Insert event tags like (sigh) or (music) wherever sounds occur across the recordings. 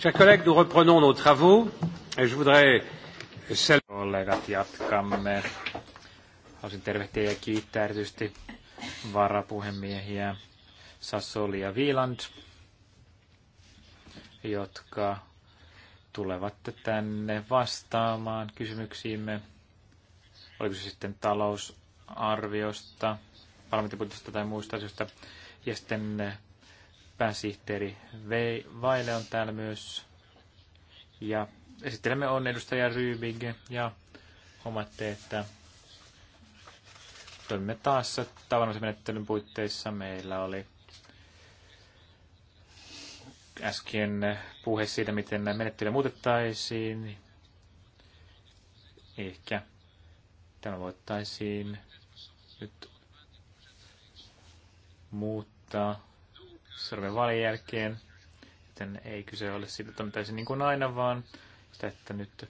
Chers collègues, nous reprenons nos travaux. Et je voudrais kollegat varapuhemiehiä Sassoli ja Viiland, jotka tulevat tänne vastaamaan kysymyksiimme. Oliko se sitten talousarviosta, parlamenttibudjetista tai muista asioista. Ja sitten Pääsihteeri Vaile on täällä myös. Ja esittelemme on edustaja Rybing ja huomaatte, että toimimme taas tavanomaisen menettelyn puitteissa. Meillä oli äsken puhe siitä, miten menettelyä muutettaisiin. Ehkä tämä voittaisiin nyt muuttaa sormenvaalien jälkeen. Joten ei kyse ole siitä, että se niin kuin aina, vaan sitä, että nyt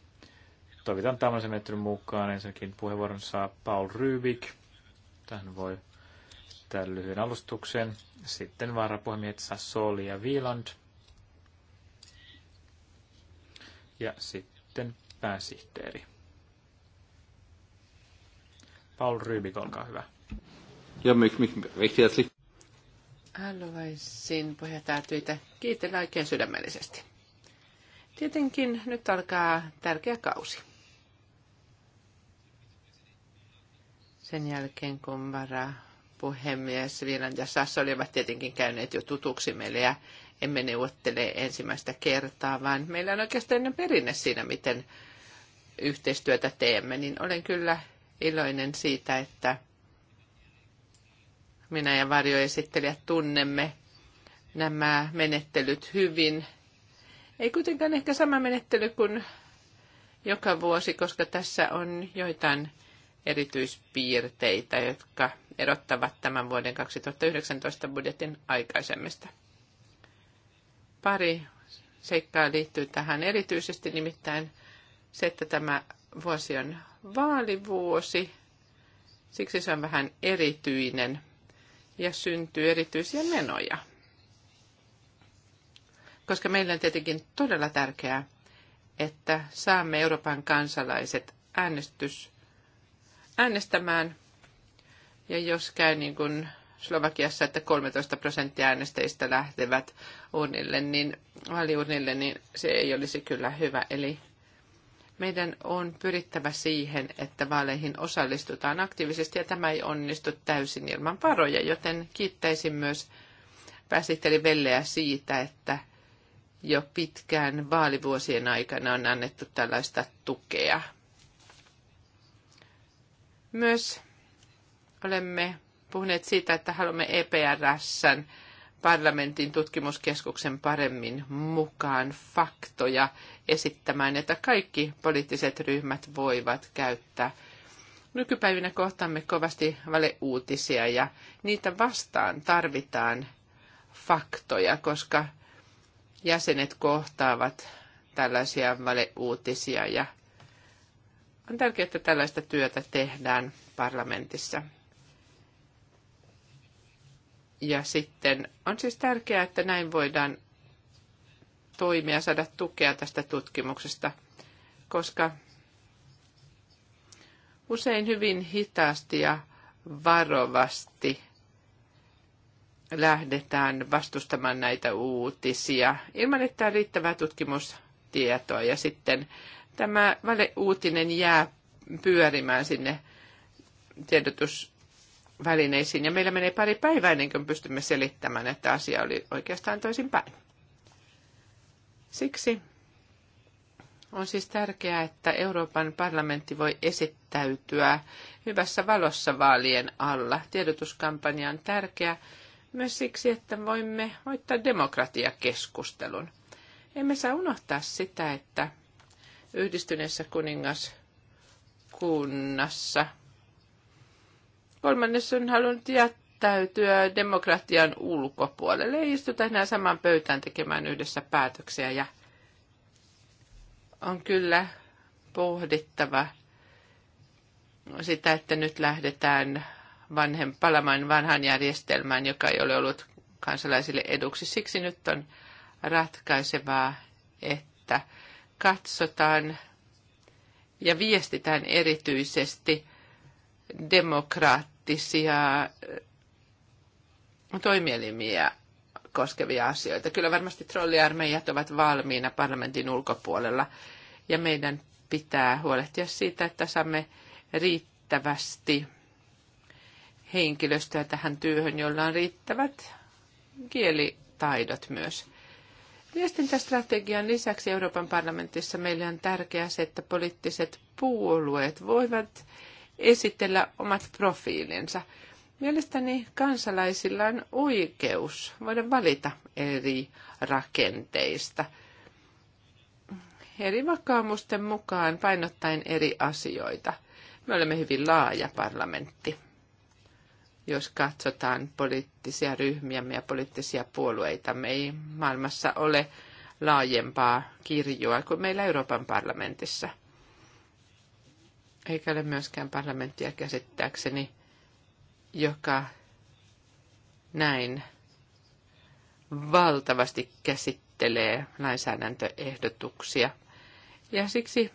toivitan tämmöisen menettelyn mukaan. Ensinnäkin puheenvuoron saa Paul Rybik. Tähän voi tämän lyhyen alustuksen. Sitten varapuhemiehet Soli ja Wieland. Ja sitten pääsihteeri. Paul Rybik, olkaa hyvä. Ja mich, mich recht Haluaisin puheenjohtaja työtä kiitellä oikein sydämellisesti. Tietenkin nyt alkaa tärkeä kausi. Sen jälkeen kun vara puhemies Viilan ja Sassa olivat tietenkin käyneet jo tutuksi meille ja emme neuvottele ensimmäistä kertaa, vaan meillä on oikeastaan perinne siinä, miten yhteistyötä teemme, niin olen kyllä iloinen siitä, että minä ja varjoesittelijät tunnemme nämä menettelyt hyvin. Ei kuitenkaan ehkä sama menettely kuin joka vuosi, koska tässä on joitain erityispiirteitä, jotka erottavat tämän vuoden 2019 budjetin aikaisemmista. Pari seikkaa liittyy tähän erityisesti, nimittäin se, että tämä vuosi on vaalivuosi, siksi se on vähän erityinen ja syntyy erityisiä menoja. Koska meillä on tietenkin todella tärkeää, että saamme Euroopan kansalaiset äänestys, äänestämään. Ja jos käy niin kuin Slovakiassa, että 13 prosenttia äänestäjistä lähtevät urnille, niin, vaaliurnille, niin se ei olisi kyllä hyvä. Eli meidän on pyrittävä siihen, että vaaleihin osallistutaan aktiivisesti ja tämä ei onnistu täysin ilman varoja, joten kiittäisin myös pääsihteeri Velleä siitä, että jo pitkään vaalivuosien aikana on annettu tällaista tukea. Myös olemme puhuneet siitä, että haluamme EPRSn parlamentin tutkimuskeskuksen paremmin mukaan faktoja esittämään, että kaikki poliittiset ryhmät voivat käyttää. Nykypäivinä kohtaamme kovasti valeuutisia ja niitä vastaan tarvitaan faktoja, koska jäsenet kohtaavat tällaisia valeuutisia ja on tärkeää, että tällaista työtä tehdään parlamentissa. Ja sitten on siis tärkeää, että näin voidaan toimia, saada tukea tästä tutkimuksesta, koska usein hyvin hitaasti ja varovasti lähdetään vastustamaan näitä uutisia ilman, että on riittävää tutkimustietoa. Ja sitten tämä valeuutinen jää pyörimään sinne tiedotus välineisiin. Ja meillä menee pari päivää ennen kuin pystymme selittämään, että asia oli oikeastaan toisinpäin. Siksi on siis tärkeää, että Euroopan parlamentti voi esittäytyä hyvässä valossa vaalien alla. Tiedotuskampanja on tärkeä myös siksi, että voimme hoitaa demokratiakeskustelun. Emme saa unohtaa sitä, että yhdistyneessä kuningaskunnassa – Kolmannes on halunnut jättäytyä demokratian ulkopuolelle. Ei istuta enää saman pöytään tekemään yhdessä päätöksiä ja on kyllä pohdittava sitä, että nyt lähdetään vanhen, palamaan vanhan järjestelmään, joka ei ole ollut kansalaisille eduksi. Siksi nyt on ratkaisevaa, että katsotaan ja viestitään erityisesti demokraattia poliittisia eh, toimielimiä koskevia asioita. Kyllä varmasti trolliarmeijat ovat valmiina parlamentin ulkopuolella ja meidän pitää huolehtia siitä, että saamme riittävästi henkilöstöä tähän työhön, jolla on riittävät kielitaidot myös. Viestintästrategian lisäksi Euroopan parlamentissa meille on tärkeää se, että poliittiset puolueet voivat esitellä omat profiilinsa. Mielestäni kansalaisilla on oikeus voida valita eri rakenteista eri vakaumusten mukaan painottaen eri asioita. Me olemme hyvin laaja parlamentti, jos katsotaan poliittisia ryhmiämme ja poliittisia puolueita. Me ei maailmassa ole laajempaa kirjoa kuin meillä Euroopan parlamentissa – eikä ole myöskään parlamenttia käsittääkseni, joka näin valtavasti käsittelee lainsäädäntöehdotuksia. Ja siksi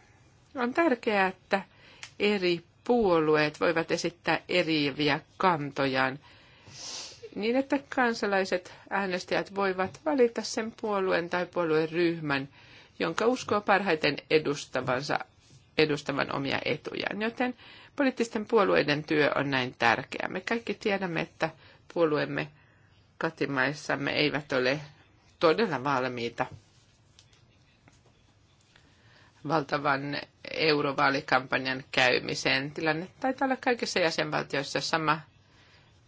on tärkeää, että eri puolueet voivat esittää eriviä kantojaan niin, että kansalaiset äänestäjät voivat valita sen puolueen tai puolueen ryhmän, jonka uskoo parhaiten edustavansa edustavan omia etujaan. Joten poliittisten puolueiden työ on näin tärkeää. Me kaikki tiedämme, että puolueemme katimaissamme eivät ole todella valmiita valtavan eurovaalikampanjan käymiseen. Tilanne taitaa olla kaikissa jäsenvaltioissa sama.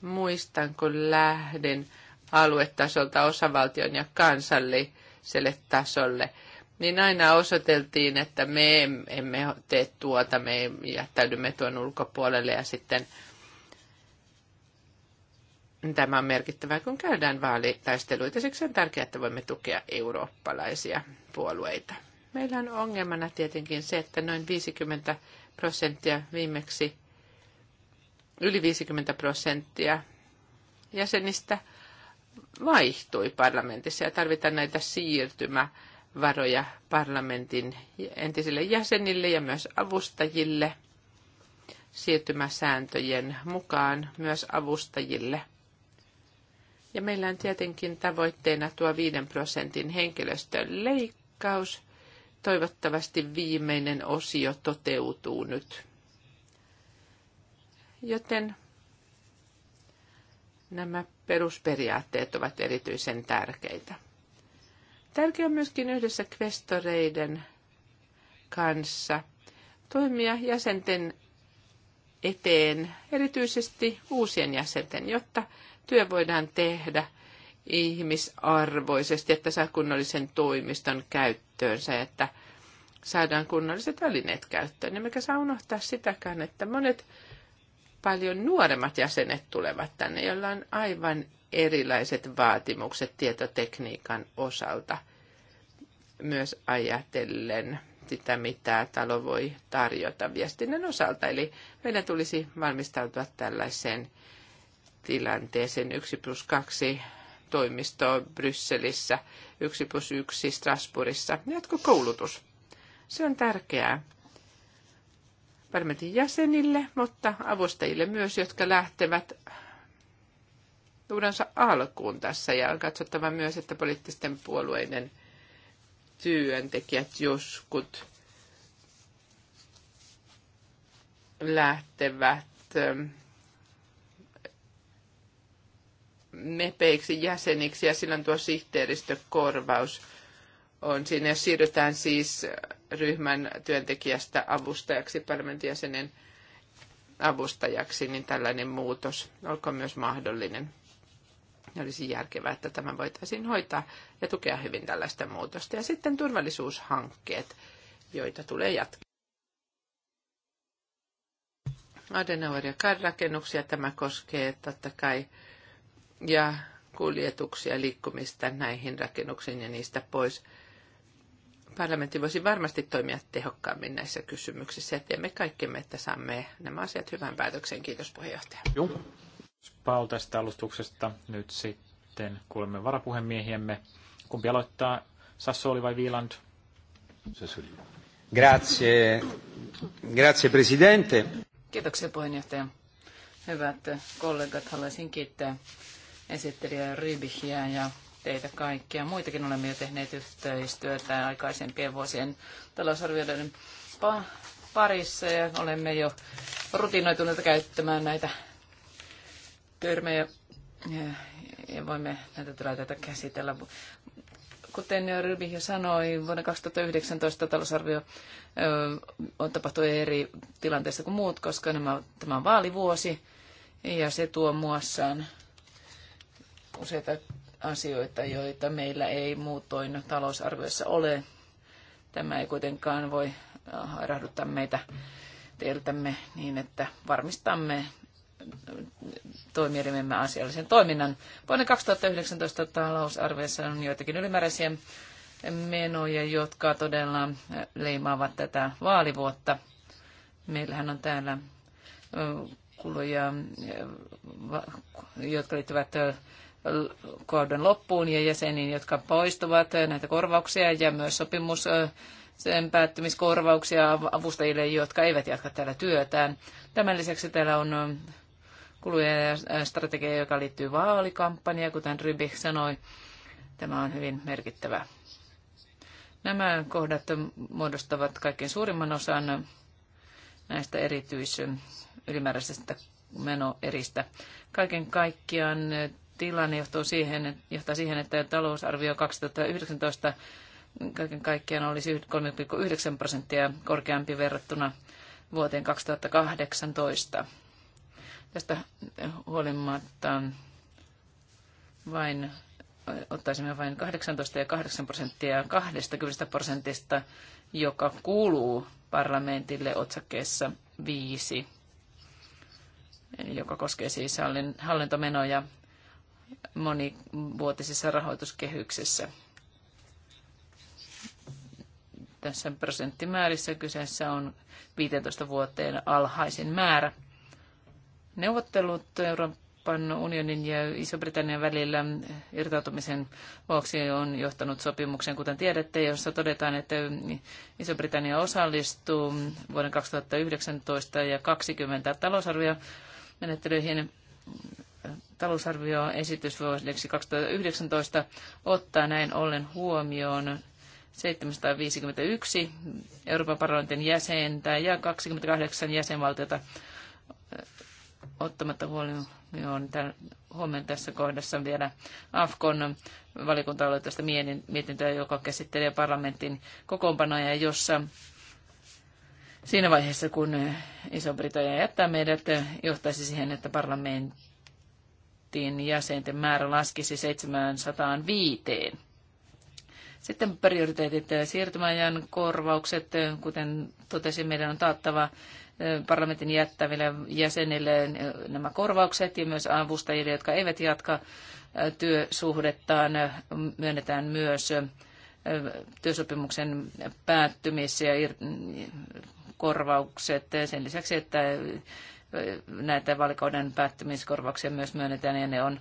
Muistan, kun lähdin aluetasolta osavaltion ja kansalliselle tasolle – niin aina osoiteltiin, että me emme tee tuota, me jättäydymme tuon ulkopuolelle ja sitten tämä on merkittävää, kun käydään vaalitaisteluita. Siksi on tärkeää, että voimme tukea eurooppalaisia puolueita. Meillä on ongelmana tietenkin se, että noin 50 prosenttia viimeksi, yli 50 prosenttia jäsenistä vaihtui parlamentissa ja tarvitaan näitä siirtymä- varoja parlamentin entisille jäsenille ja myös avustajille siirtymäsääntöjen mukaan myös avustajille. Ja meillä on tietenkin tavoitteena tuo 5 prosentin henkilöstön leikkaus. Toivottavasti viimeinen osio toteutuu nyt. Joten nämä perusperiaatteet ovat erityisen tärkeitä. Tärkeää on myöskin yhdessä kvestoreiden kanssa toimia jäsenten eteen, erityisesti uusien jäsenten, jotta työ voidaan tehdä ihmisarvoisesti, että saa kunnollisen toimiston käyttöönsä, että saadaan kunnolliset välineet käyttöön. Emmekä saa unohtaa sitäkään, että monet paljon nuoremmat jäsenet tulevat tänne, joilla on aivan erilaiset vaatimukset tietotekniikan osalta – myös ajatellen sitä, mitä talo voi tarjota viestinnän osalta. Eli meidän tulisi valmistautua tällaiseen tilanteeseen 1 plus 2 toimistoa Brysselissä, 1 plus 1 Strasbourgissa. koulutus, Se on tärkeää parlamentin jäsenille, mutta avustajille myös, jotka lähtevät uudensa alkuun tässä. Ja on katsottava myös, että poliittisten puolueiden työntekijät joskus lähtevät ähm, mepeiksi jäseniksi ja silloin tuo sihteeristökorvaus on siinä, jos siirrytään siis ryhmän työntekijästä avustajaksi, parlamentin jäsenen avustajaksi, niin tällainen muutos olkoon myös mahdollinen olisi järkevää, että tämä voitaisiin hoitaa ja tukea hyvin tällaista muutosta. Ja sitten turvallisuushankkeet, joita tulee jatkaa. Adenauer ja rakennuksia tämä koskee totta kai ja kuljetuksia, liikkumista näihin rakennuksiin ja niistä pois. Parlamentti voisi varmasti toimia tehokkaammin näissä kysymyksissä ja teemme kaikkemme, että saamme nämä asiat hyvän päätöksen. Kiitos puheenjohtaja. Joo. Paul tästä alustuksesta. Nyt sitten kuulemme varapuhemiehiemme. Kumpi aloittaa, Sassoli vai Viiland? Sassoli. Grazie. Grazie, presidente. Kiitoksia puheenjohtaja. Hyvät kollegat, haluaisin kiittää esittelijä Rybihiä ja teitä kaikkia. Muitakin olemme jo tehneet yhteistyötä aikaisempien vuosien talousarvioiden parissa ja olemme jo rutinoituneita käyttämään näitä työryhmä ja, ja voimme näitä tilanteita käsitellä. Kuten Rybi jo sanoi, vuonna 2019 talousarvio on tapahtunut eri tilanteissa kuin muut, koska nämä, tämä on vaalivuosi ja se tuo muassaan useita asioita, joita meillä ei muutoin talousarviossa ole. Tämä ei kuitenkaan voi äh, rahduttaa meitä teiltämme niin, että varmistamme toimielimemme asiallisen toiminnan. Vuoden 2019 talousarviossa on joitakin ylimääräisiä menoja, jotka todella leimaavat tätä vaalivuotta. Meillähän on täällä kuluja, jotka liittyvät kauden loppuun ja jäseniin, jotka poistuvat näitä korvauksia ja myös sopimus sen päättymiskorvauksia avustajille, jotka eivät jatka täällä työtään. Tämän lisäksi täällä on kuluja ja strategia, joka liittyy vaalikampanjaan, kuten Rybik sanoi. Tämä on hyvin merkittävä. Nämä kohdat muodostavat kaikkein suurimman osan näistä erityis ylimääräisistä menoeristä. Kaiken kaikkiaan tilanne johtuu siihen, johtaa siihen, että talousarvio 2019 kaiken kaikkiaan olisi 3,9 prosenttia korkeampi verrattuna vuoteen 2018. Tästä huolimatta vain ottaisimme vain 18 ja 8 prosenttia 20 prosentista, joka kuuluu parlamentille otsakkeessa 5, joka koskee siis hallintomenoja monivuotisissa rahoituskehyksessä. Tässä prosenttimäärissä kyseessä on 15 vuoteen alhaisin määrä. Neuvottelut Euroopan unionin ja Iso-Britannian välillä irtautumisen vuoksi on johtanut sopimukseen, kuten tiedätte, jossa todetaan, että Iso-Britannia osallistuu vuoden 2019 ja 2020 talousarviomenettelyihin talousarvioesitys vuodeksi 2019 ottaa näin ollen huomioon 751 Euroopan parlamentin jäsentä ja 28 jäsenvaltiota ottamatta huomioon, huomioon tässä kohdassa vielä AFKon valikunta tästä mietintöä, joka käsittelee parlamentin kokoonpanoja, jossa siinä vaiheessa, kun Iso-Britannia jättää meidät, johtaisi siihen, että parlamentin jäsenten määrä laskisi 705. Sitten prioriteetit siirtymäajan korvaukset, kuten totesin, meidän on taattava parlamentin jättäville jäsenille nämä korvaukset ja myös avustajille, jotka eivät jatka työsuhdettaan, myönnetään myös työsopimuksen päättymis- ja korvaukset sen lisäksi, että näitä valikauden päättymiskorvauksia myös myönnetään ja ne on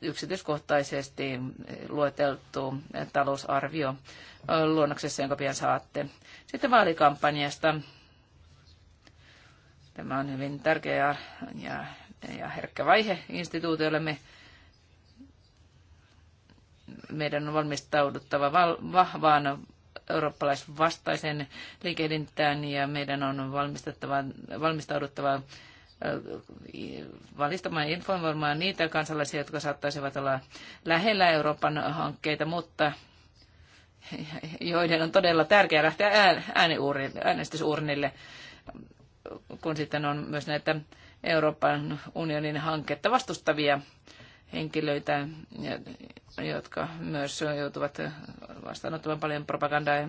yksityiskohtaisesti lueteltu talousarvio luonnoksessa, jonka pian saatte. Sitten vaalikampanjasta. Tämä on hyvin tärkeä ja, ja herkkä vaihe me Meidän on valmistauduttava val, vahvaan eurooppalaisvastaisen liikehdintään ja meidän on valmistettava, valmistauduttava valistamaan ja informoimaan niitä kansalaisia, jotka saattaisivat olla lähellä Euroopan hankkeita, mutta joiden on todella tärkeää lähteä äänestysurnille kun sitten on myös näitä Euroopan unionin hanketta vastustavia henkilöitä, jotka myös joutuvat vastaanottamaan paljon propagandaa.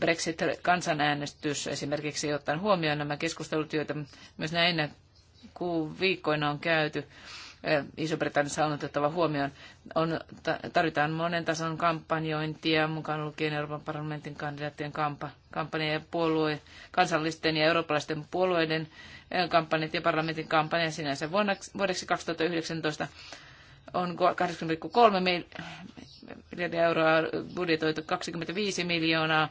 Brexit-kansanäänestys esimerkiksi ottaen huomioon nämä keskustelut, joita myös näinä viikkoina on käyty Iso-Britannissa on otettava huomioon. On, tarvitaan monen tason kampanjointia, mukaan lukien Euroopan parlamentin kandidaattien kampa, kampanja ja puolue, kansallisten ja eurooppalaisten puolueiden kampanjat ja parlamentin kampanja sinänsä vuodeksi, vuodeksi 2019 on 8,3 miljardia euroa budjetoitu 25 miljoonaa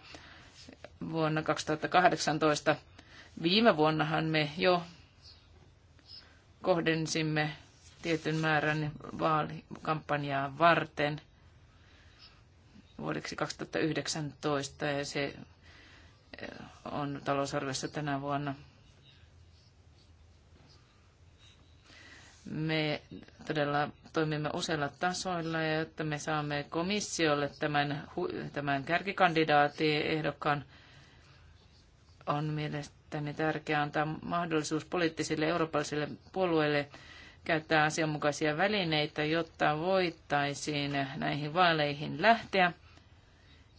vuonna 2018. Viime vuonnahan me jo kohdensimme tietyn määrän vaalikampanjaa varten vuodeksi 2019 ja se eh, on talousarviossa tänä vuonna. Me todella toimimme useilla tasoilla, ja että me saamme komissiolle tämän, tämän kärkikandidaatin ehdokkaan, on mielestäni tärkeää antaa mahdollisuus poliittisille eurooppalaisille puolueille käyttää asianmukaisia välineitä, jotta voittaisiin näihin vaaleihin lähteä.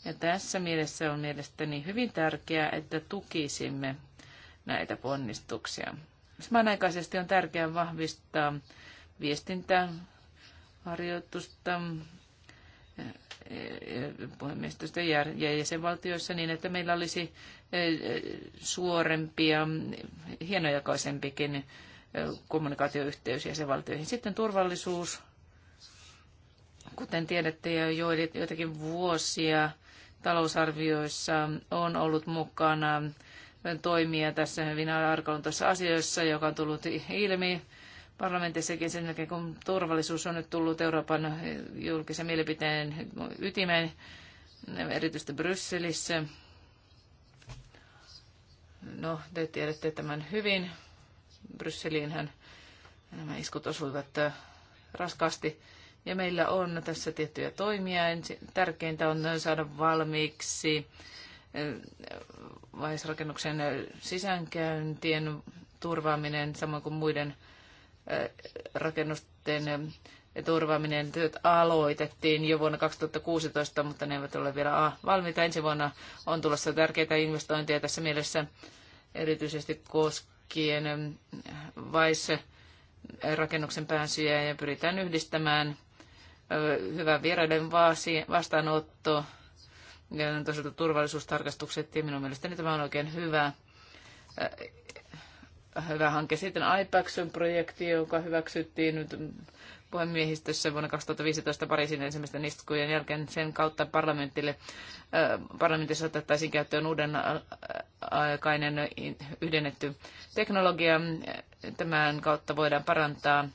Ja tässä mielessä on mielestäni hyvin tärkeää, että tukisimme näitä ponnistuksia. Samanaikaisesti on tärkeää vahvistaa viestintäharjoitusta puhemiestöstä ja jäsenvaltioissa niin, että meillä olisi eh, eh, suorempia, hienojakoisempikin hienojakaisempikin kommunikaatioyhteys jäsenvaltioihin. Sitten turvallisuus. Kuten tiedätte jo joitakin vuosia talousarvioissa on ollut mukana toimia tässä hyvin arkaluontoisessa asiassa, joka on tullut ilmi parlamentissakin sen jälkeen, kun turvallisuus on nyt tullut Euroopan julkisen mielipiteen ytimeen, erityisesti Brysselissä. No, te tiedätte tämän hyvin hän, nämä iskut osuivat äh, raskaasti. Ja meillä on tässä tiettyjä toimia. Tärkeintä on saada valmiiksi äh, vaisrakennuksen äh, sisäänkäyntien turvaaminen, samoin kuin muiden rakennusten turvaaminen. Työt aloitettiin jo vuonna 2016, mutta ne eivät ole vielä valmiita. Ensi vuonna on tulossa tärkeitä investointeja tässä mielessä, erityisesti koska kaikkien vaise eh, rakennuksen pääsyjä ja pyritään yhdistämään hyvä vieraiden vastaanotto ja toisaalta turvallisuustarkastukset ja minun mielestäni tämä on oikein hyvä hyvä hanke. Sitten IPAXin projekti, joka hyväksyttiin nyt puhemiehistössä vuonna 2015 Pariisin ensimmäisten istukujen jälkeen. Sen kautta parlamentille, parlamentissa otettaisiin käyttöön uuden aikainen yhdennetty teknologia. Tämän kautta voidaan parantaa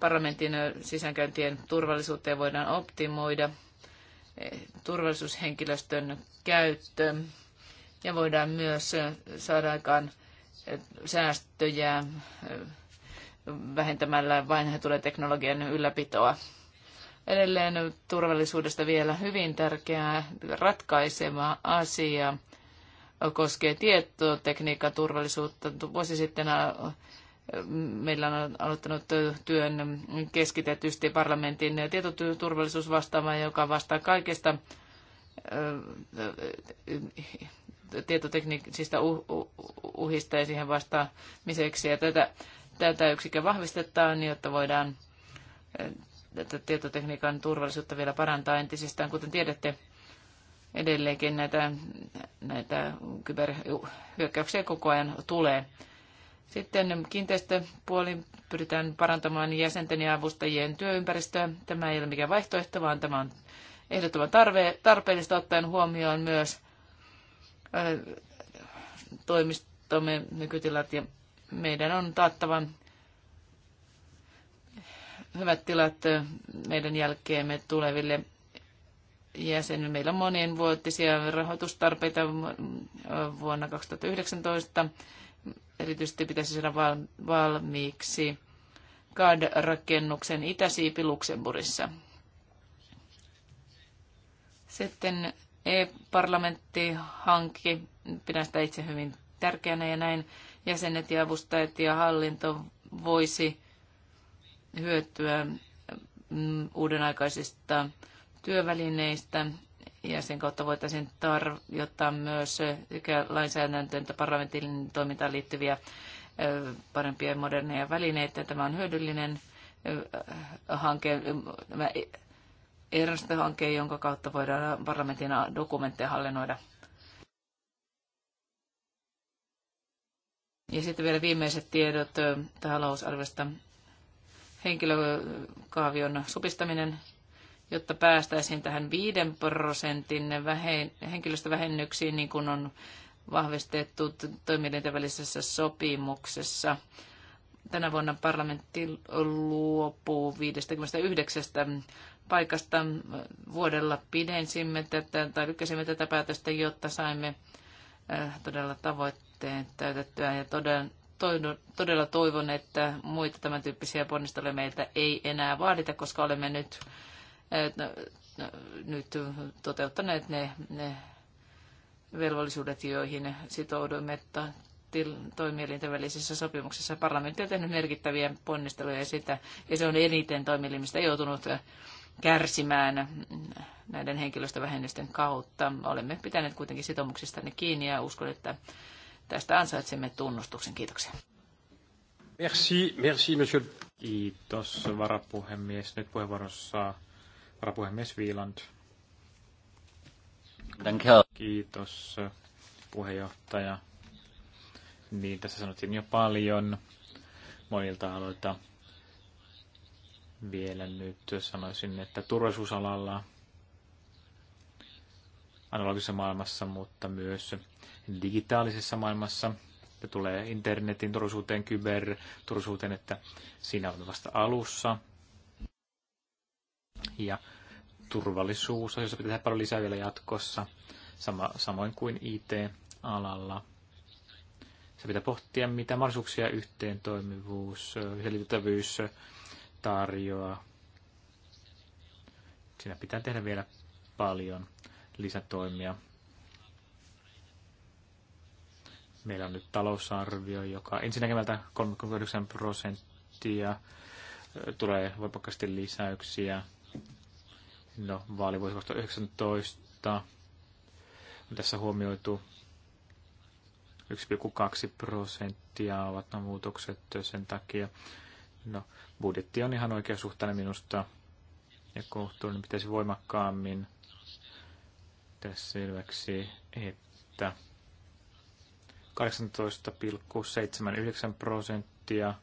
parlamentin sisäänkäyntien turvallisuutta ja voidaan optimoida turvallisuushenkilöstön käyttö. Ja voidaan myös saada aikaan säästöjä vähentämällä vain teknologian ylläpitoa. Edelleen turvallisuudesta vielä hyvin tärkeää ratkaiseva asia koskee tietotekniikan turvallisuutta. Vuosi sitten äh, meillä on aloittanut työn keskitetysti parlamentin tietoturvallisuusvastaava, joka vastaa kaikista äh, tietoteknisistä uhista ja siihen vastaamiseksi. Ja tätä tätä yksikköä vahvistetaan, jotta voidaan eh, tätä tietotekniikan turvallisuutta vielä parantaa entisestään. Kuten tiedätte, edelleenkin näitä, näitä kyberhyökkäyksiä koko ajan tulee. Sitten kiinteistöpuoli pyritään parantamaan jäsenten ja avustajien työympäristöä. Tämä ei ole mikään vaihtoehto, vaan tämä on ehdottoman tarve, tarpeellista ottaen huomioon myös eh, toimistomme nykytilat ja meidän on taattava hyvät tilat meidän jälkeemme tuleville jäsenille. Meillä on monienvuotisia rahoitustarpeita vuonna 2019. Erityisesti pitäisi saada valmiiksi CAD-rakennuksen itäsiipi Luxemburissa. Sitten e-parlamenttihanke. Pidän sitä itse hyvin tärkeänä ja näin jäsenet ja avustajat ja hallinto voisi hyötyä mm, uudenaikaisista työvälineistä ja sen kautta voitaisiin tarjota myös sekä lainsäädäntöön että parlamentin toimintaan liittyviä parempia ja moderneja välineitä. Tämä on hyödyllinen hanke, e-, Ernst-hanke, jonka kautta voidaan parlamentin dokumentteja hallinnoida Ja sitten vielä viimeiset tiedot talousarvesta. Henkilökaavion supistaminen, jotta päästäisiin tähän 5 prosentin henkilöstövähennyksiin, niin kuin on vahvistettu toimielinten välisessä sopimuksessa. Tänä vuonna parlamentti luopuu 59 paikasta. Vuodella pidensimme tätä tai lykkäsimme tätä päätöstä, jotta saimme todella tavoitteen tavoitteen täytettyä ja todella, todella toivon, että muita tämän tyyppisiä ponnisteluja meiltä ei enää vaadita, koska olemme nyt, no, no, nyt toteuttaneet ne, ne velvollisuudet, joihin sitouduimme että toimielinten välisissä sopimuksissa. Parlamentti on tehnyt merkittäviä ponnisteluja ja, sitä, ja se on eniten toimielimistä joutunut kärsimään näiden henkilöstövähennysten kautta. Olemme pitäneet kuitenkin sitoumuksistanne kiinni ja uskon, että Tästä ansaitsemme tunnustuksen. Kiitoksia. Merci, merci, monsieur. Kiitos, varapuhemies. Nyt puheenvuorossa varapuhemies Wieland. Kiitos, puheenjohtaja. Niin, tässä sanottiin jo paljon monilta aloilta. Vielä nyt sanoisin, että turvallisuusalalla analogisessa maailmassa, mutta myös digitaalisessa maailmassa. Se tulee internetin turvallisuuteen, kyberturvallisuuteen, että siinä on vasta alussa. Ja turvallisuus, jossa pitää tehdä paljon lisää vielä jatkossa, sama, samoin kuin IT-alalla. Se pitää pohtia, mitä mahdollisuuksia yhteen toimivuus, selitettävyys tarjoaa. Siinä pitää tehdä vielä paljon lisätoimia Meillä on nyt talousarvio, joka ensinnäkemältä 39 prosenttia tulee voimakkaasti lisäyksiä. No, vaalivuosi 2019 on tässä huomioitu 1,2 prosenttia ovat nämä muutokset sen takia. No, budjetti on ihan oikea suhteen minusta ja kohtuullinen pitäisi voimakkaammin tässä selväksi, että 18,79 prosenttia.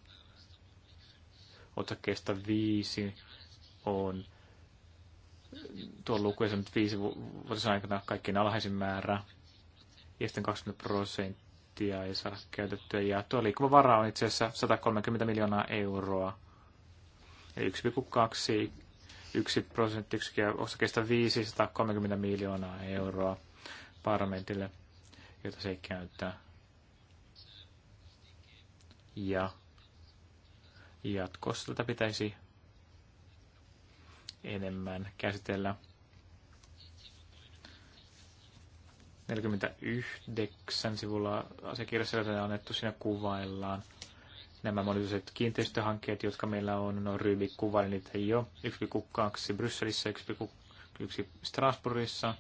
Osakkeista 5 on tuon lukuisen nyt viisi vuoden aikana kaikkein alhaisin määrä. Ja sitten 20 prosenttia ei saada käytettyä. Ja tuo liikkuva vara on itse asiassa 130 miljoonaa euroa. Eli 1,2 1 prosenttiyksikköä osakkeesta 530 miljoonaa euroa parlamentille, jota se ei käyttää. Ja jatkossa tätä pitäisi enemmän käsitellä. 49 sivulla asiakirjassa, jota on annettu siinä kuvaillaan. Nämä monituiset kiinteistöhankkeet, jotka meillä on, no Ryby kuvaili niitä jo 1,2 Brysselissä, 1,1 Strasbourgissa,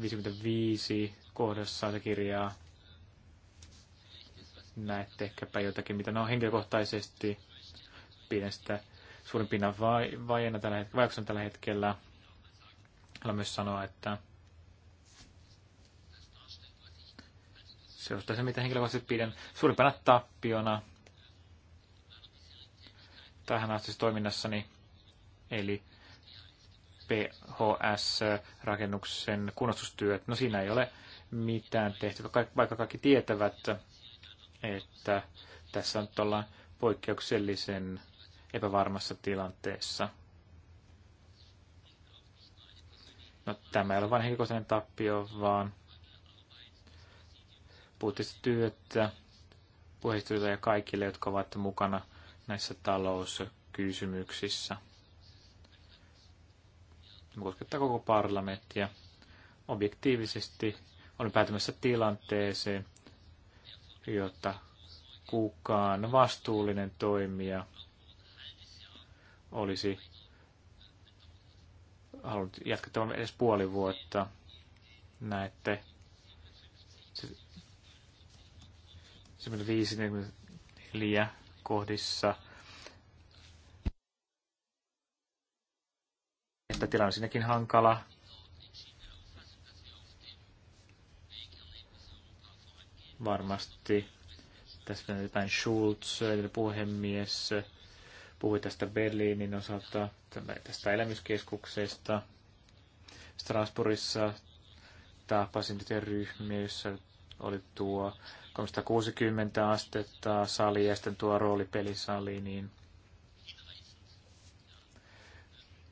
55 kohdassa asiakirjaa näette ehkäpä jotakin, mitä on no, henkilökohtaisesti pidän sitä suurimpina vai, tällä hetkellä, vaiuksena tällä hetkellä. Haluan myös sanoa, että se on se, mitä henkilökohtaisesti pidän suurimpana tappiona tähän asti toiminnassani, eli PHS-rakennuksen kunnostustyöt. No siinä ei ole mitään tehty, vaikka kaikki tietävät, että tässä nyt ollaan poikkeuksellisen epävarmassa tilanteessa. No, tämä ei ole vain henkilökohtainen tappio, vaan puutteista työtä, puheenjohtajille ja kaikille, jotka ovat mukana näissä talouskysymyksissä. Tämä koskettaa koko parlamenttia. Objektiivisesti olen päätymässä tilanteeseen, jotta kukaan vastuullinen toimija olisi halunnut jatkettavan edes puoli vuotta. Näette, se, 54 kohdissa että tilanne on sinnekin hankala. varmasti. Tässä on jotain Schulz, eli puhemies, puhui tästä Berliinin osalta, tästä elämyskeskuksesta. Strasbourgissa tapasin tätä ryhmiä, jossa oli tuo 360 astetta sali ja sitten tuo roolipelisali, niin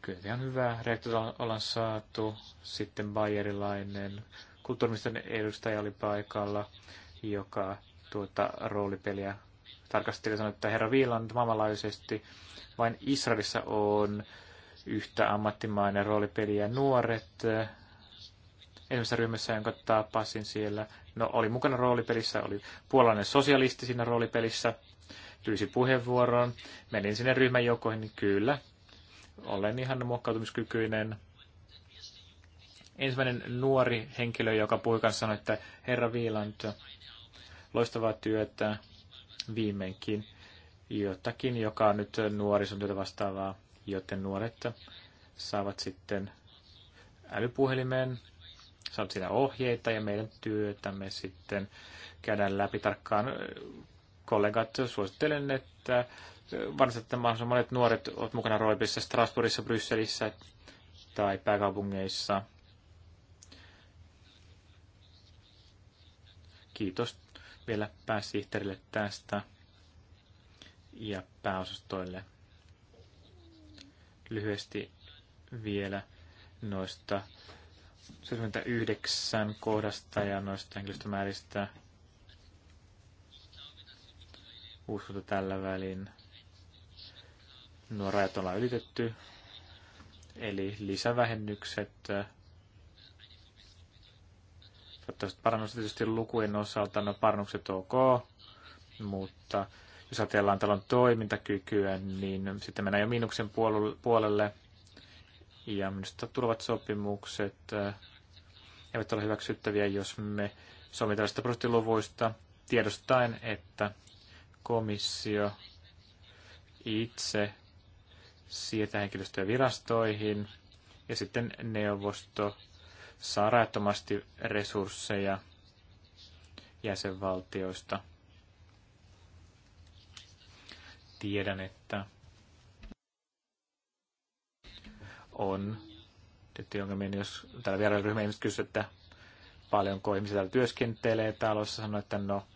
kyllä ihan hyvä reaktio ollaan saatu. Sitten Bayerilainen kulttuuriministerin edustaja oli paikalla joka tuota roolipeliä tarkasteli sanoi, että herra Viiland maailmanlaajuisesti vain Israelissa on yhtä ammattimainen roolipeli ja nuoret eh, ensimmäisessä ryhmässä, jonka tapasin siellä. No, oli mukana roolipelissä, oli puolalainen sosialisti siinä roolipelissä, pyysi puheenvuoron, menin sinne ryhmän joukkoihin, niin kyllä, olen ihan muokkautumiskykyinen, ensimmäinen nuori henkilö, joka puhui kanssa, sanoi, että herra Viiland, loistavaa työtä viimeinkin jotakin, joka on nyt nuorisotyötä vastaavaa, joten nuoret saavat sitten älypuhelimeen, saavat siinä ohjeita ja meidän työtämme sitten käydään läpi tarkkaan. Kollegat, suosittelen, että varsinkin mahdollisimman monet nuoret ovat mukana Roipissa, Strasbourgissa, Brysselissä tai pääkaupungeissa – kiitos vielä pääsihteerille tästä ja pääosastoille. Lyhyesti vielä noista 79 kohdasta ja noista henkilöstömääristä uskota tällä välin. Nuo rajat ollaan ylitetty, eli lisävähennykset Toivottavasti parannus tietysti lukujen osalta, no parannukset ok, mutta jos ajatellaan talon toimintakykyä, niin sitten mennään jo miinuksen puolelle. Ja minusta tulevat sopimukset äh, eivät ole hyväksyttäviä, jos me sovimme tällaista prosenttiluvuista tiedostaen, että komissio itse siirtää henkilöstöä virastoihin ja sitten neuvosto saa rajattomasti resursseja jäsenvaltioista. Tiedän, että on tietysti ongelmia, jos täällä vierailuryhmä ihmiset kysyy, että paljonko ihmisiä täällä työskentelee talossa, sanoo, että no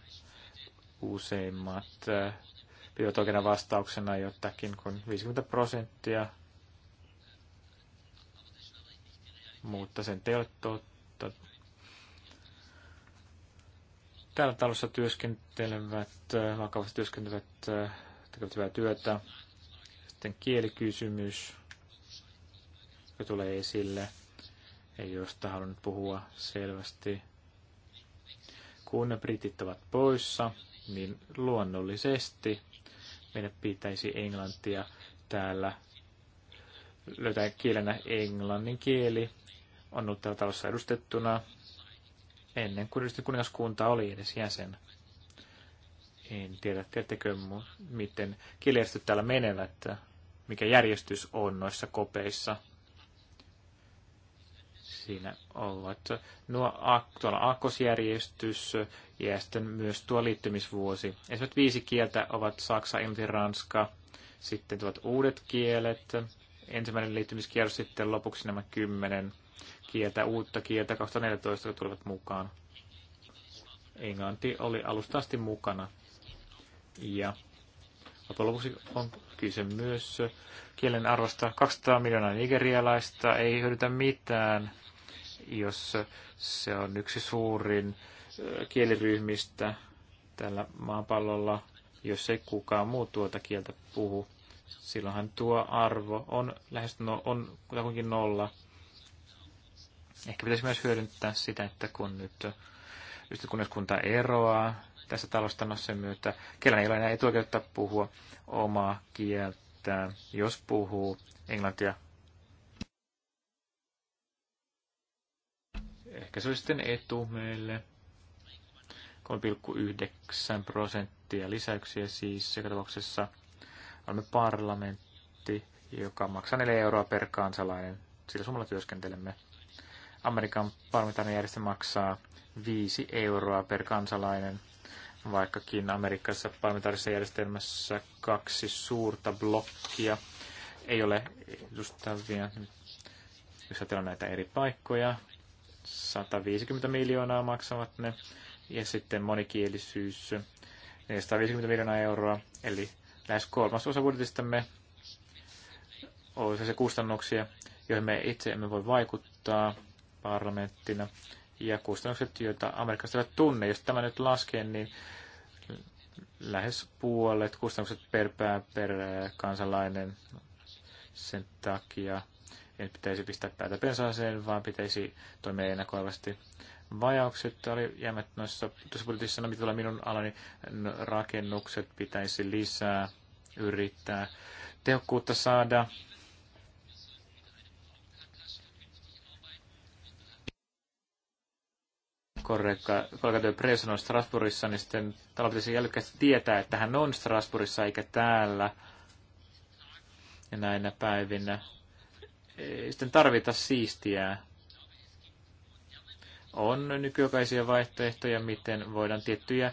useimmat äh, pidät oikeana vastauksena jotakin kuin 50 prosenttia mutta sen ei ole totta. Täällä talossa työskentelevät, vakavasti äh, työskentelevät, äh, tekevät hyvää työtä. Sitten kielikysymys, joka tulee esille, ei josta halunnut puhua selvästi. Kun ne britit ovat poissa, niin luonnollisesti meidän pitäisi englantia täällä löytää kielenä englannin kieli, on ollut täällä talossa edustettuna ennen kuin kuningaskunta oli edes jäsen. En tiedä, tiedättekö, miten kirjastot täällä menevät, mikä järjestys on noissa kopeissa. Siinä ovat nuo tuolla aakkosjärjestys ja sitten myös tuo liittymisvuosi. Esimerkiksi viisi kieltä ovat saksa, englanti, ranska, sitten tuot uudet kielet, ensimmäinen liittymiskierros, sitten lopuksi nämä kymmenen kieltä, uutta kieltä 2014, kun tulivat mukaan. Englanti oli alusta asti mukana. Ja loppujen lopuksi on kyse myös kielen arvosta. 200 miljoonaa nigerialaista ei hyödytä mitään, jos se on yksi suurin kieliryhmistä tällä maapallolla, jos ei kukaan muu tuota kieltä puhu. Silloinhan tuo arvo on lähes no, on kuitenkin nolla. Ehkä pitäisi myös hyödyntää sitä, että kun nyt yhteiskunnaskunta eroaa tässä talosta, no sen myötä, kellä ei ole enää etuoikeutta puhua omaa kieltä, jos puhuu englantia. Ehkä se olisi sitten etu meille. 3,9 prosenttia lisäyksiä siis joka tapauksessa. Olemme parlamentti, joka maksaa 4 euroa per kansalainen. Sillä summalla työskentelemme. Amerikan parlamentaarinen maksaa 5 euroa per kansalainen, vaikkakin Amerikassa parlamentaarisessa järjestelmässä kaksi suurta blokkia ei ole edustavia. Jos ajatellaan näitä eri paikkoja, 150 miljoonaa maksavat ne, ja sitten monikielisyys 450 miljoonaa euroa, eli lähes kolmasosa budjetistamme on se kustannuksia, joihin me itse emme voi vaikuttaa parlamenttina ja kustannukset, joita amerikkalaiset eivät tunne. Jos tämä nyt laskee, niin lähes puolet kustannukset per pää per kansalainen sen takia. Ei pitäisi pistää päätä pensaaseen, vaan pitäisi toimia ennakoivasti. Vajaukset oli jäämät noissa tuossa budjetissa, no mitä tulee minun alani, no, rakennukset pitäisi lisää yrittää tehokkuutta saada kollega Preson on Strasbourgissa, niin sitten täällä pitäisi jälkeen tietää, että hän on Strasbourgissa eikä täällä. Ja näinä päivinä ei sitten tarvita siistiä. On nykyaikaisia vaihtoehtoja, miten voidaan tiettyjä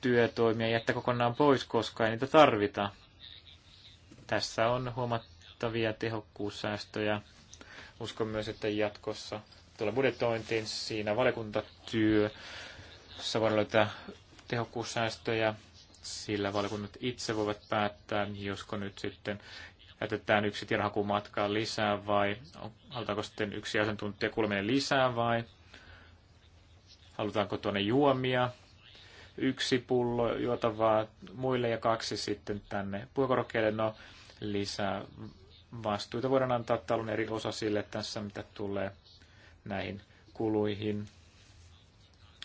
työtoimia jättää kokonaan pois, koska ei niitä tarvita. Tässä on huomattavia tehokkuussäästöjä. Uskon myös, että jatkossa tulee budjetointiin, siinä valiokuntatyö, jossa voidaan löytää tehokkuussäästöjä, sillä valiokunnat itse voivat päättää, josko nyt sitten jätetään yksi tiedonhakumatkaa lisää vai halutaanko sitten yksi asiantuntija kuuleminen lisää vai halutaanko tuonne juomia, yksi pullo juotavaa muille ja kaksi sitten tänne puhekorokkeelle. No lisää vastuuta voidaan antaa talon eri osa sille tässä, mitä tulee näihin kuluihin.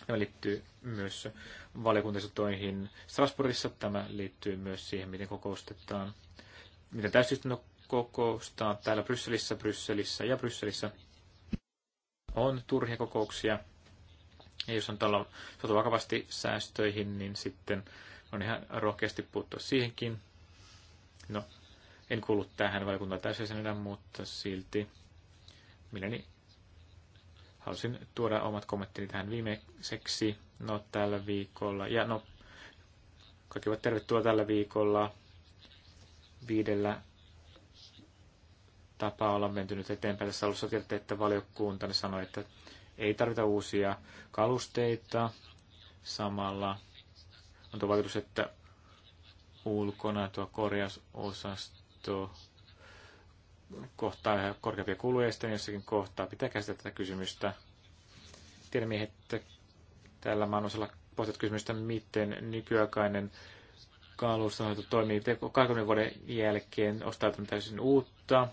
Tämä liittyy myös valiokuntaisuutoihin Strasbourgissa. Tämä liittyy myös siihen, miten kokoustetaan, miten täysistunto kokoustaa täällä Brysselissä, Brysselissä ja Brysselissä. On turhia kokouksia. Ja jos on talo, vakavasti säästöihin, niin sitten on ihan rohkeasti puuttua siihenkin. No, en kuulu tähän valiokuntaan täysjäsenenä, mutta silti mielelläni Halusin tuoda omat kommenttini tähän viimeiseksi. No tällä viikolla. Ja no, kaikki ovat tervetuloa tällä viikolla viidellä tapaa olla menty nyt eteenpäin. Tässä alussa tiedätte, että valiokunta ne sanoi, että ei tarvita uusia kalusteita. Samalla on tuo vaikutus, että ulkona tuo korjausosasto kohtaa korkeampia kuluja, sitten jossakin kohtaa pitää käsitellä tätä kysymystä. Tiedemiehet tällä maanosalla pohtivat kysymystä, miten nykyaikainen kalustohoito toimii 20 vuoden jälkeen, ostaako täysin uutta,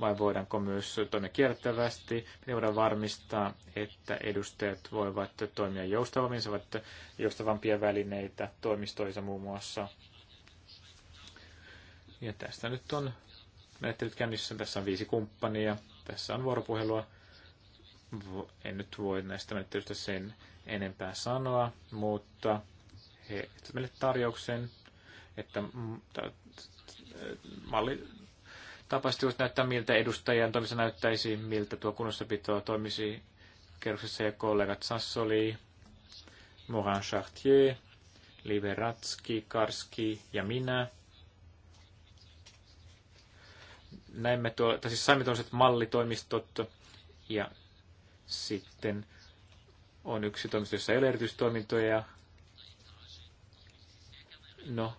vai voidaanko myös toimia kiertävästi, niin voidaan varmistaa, että edustajat voivat toimia joustavammin, saavat joustavampia välineitä toimistoissa muun muassa. Ja tästä nyt on menettelyt käynnissä. Tässä on viisi kumppania, tässä on vuoropuhelua. En nyt voi näistä menettelyistä sen enempää sanoa, mutta he meille tarjouksen, että malli tapaisesti voisi näyttää, miltä edustajan toimissa näyttäisi, miltä tuo kunnossapito toimisi kerroksessa ja kollegat Sassoli, Morin Chartier, Liberatski, Karski ja minä – näimme tuo, tai siis saimme tuollaiset mallitoimistot ja sitten on yksi toimisto, jossa ei ole erityistoimintoja. No,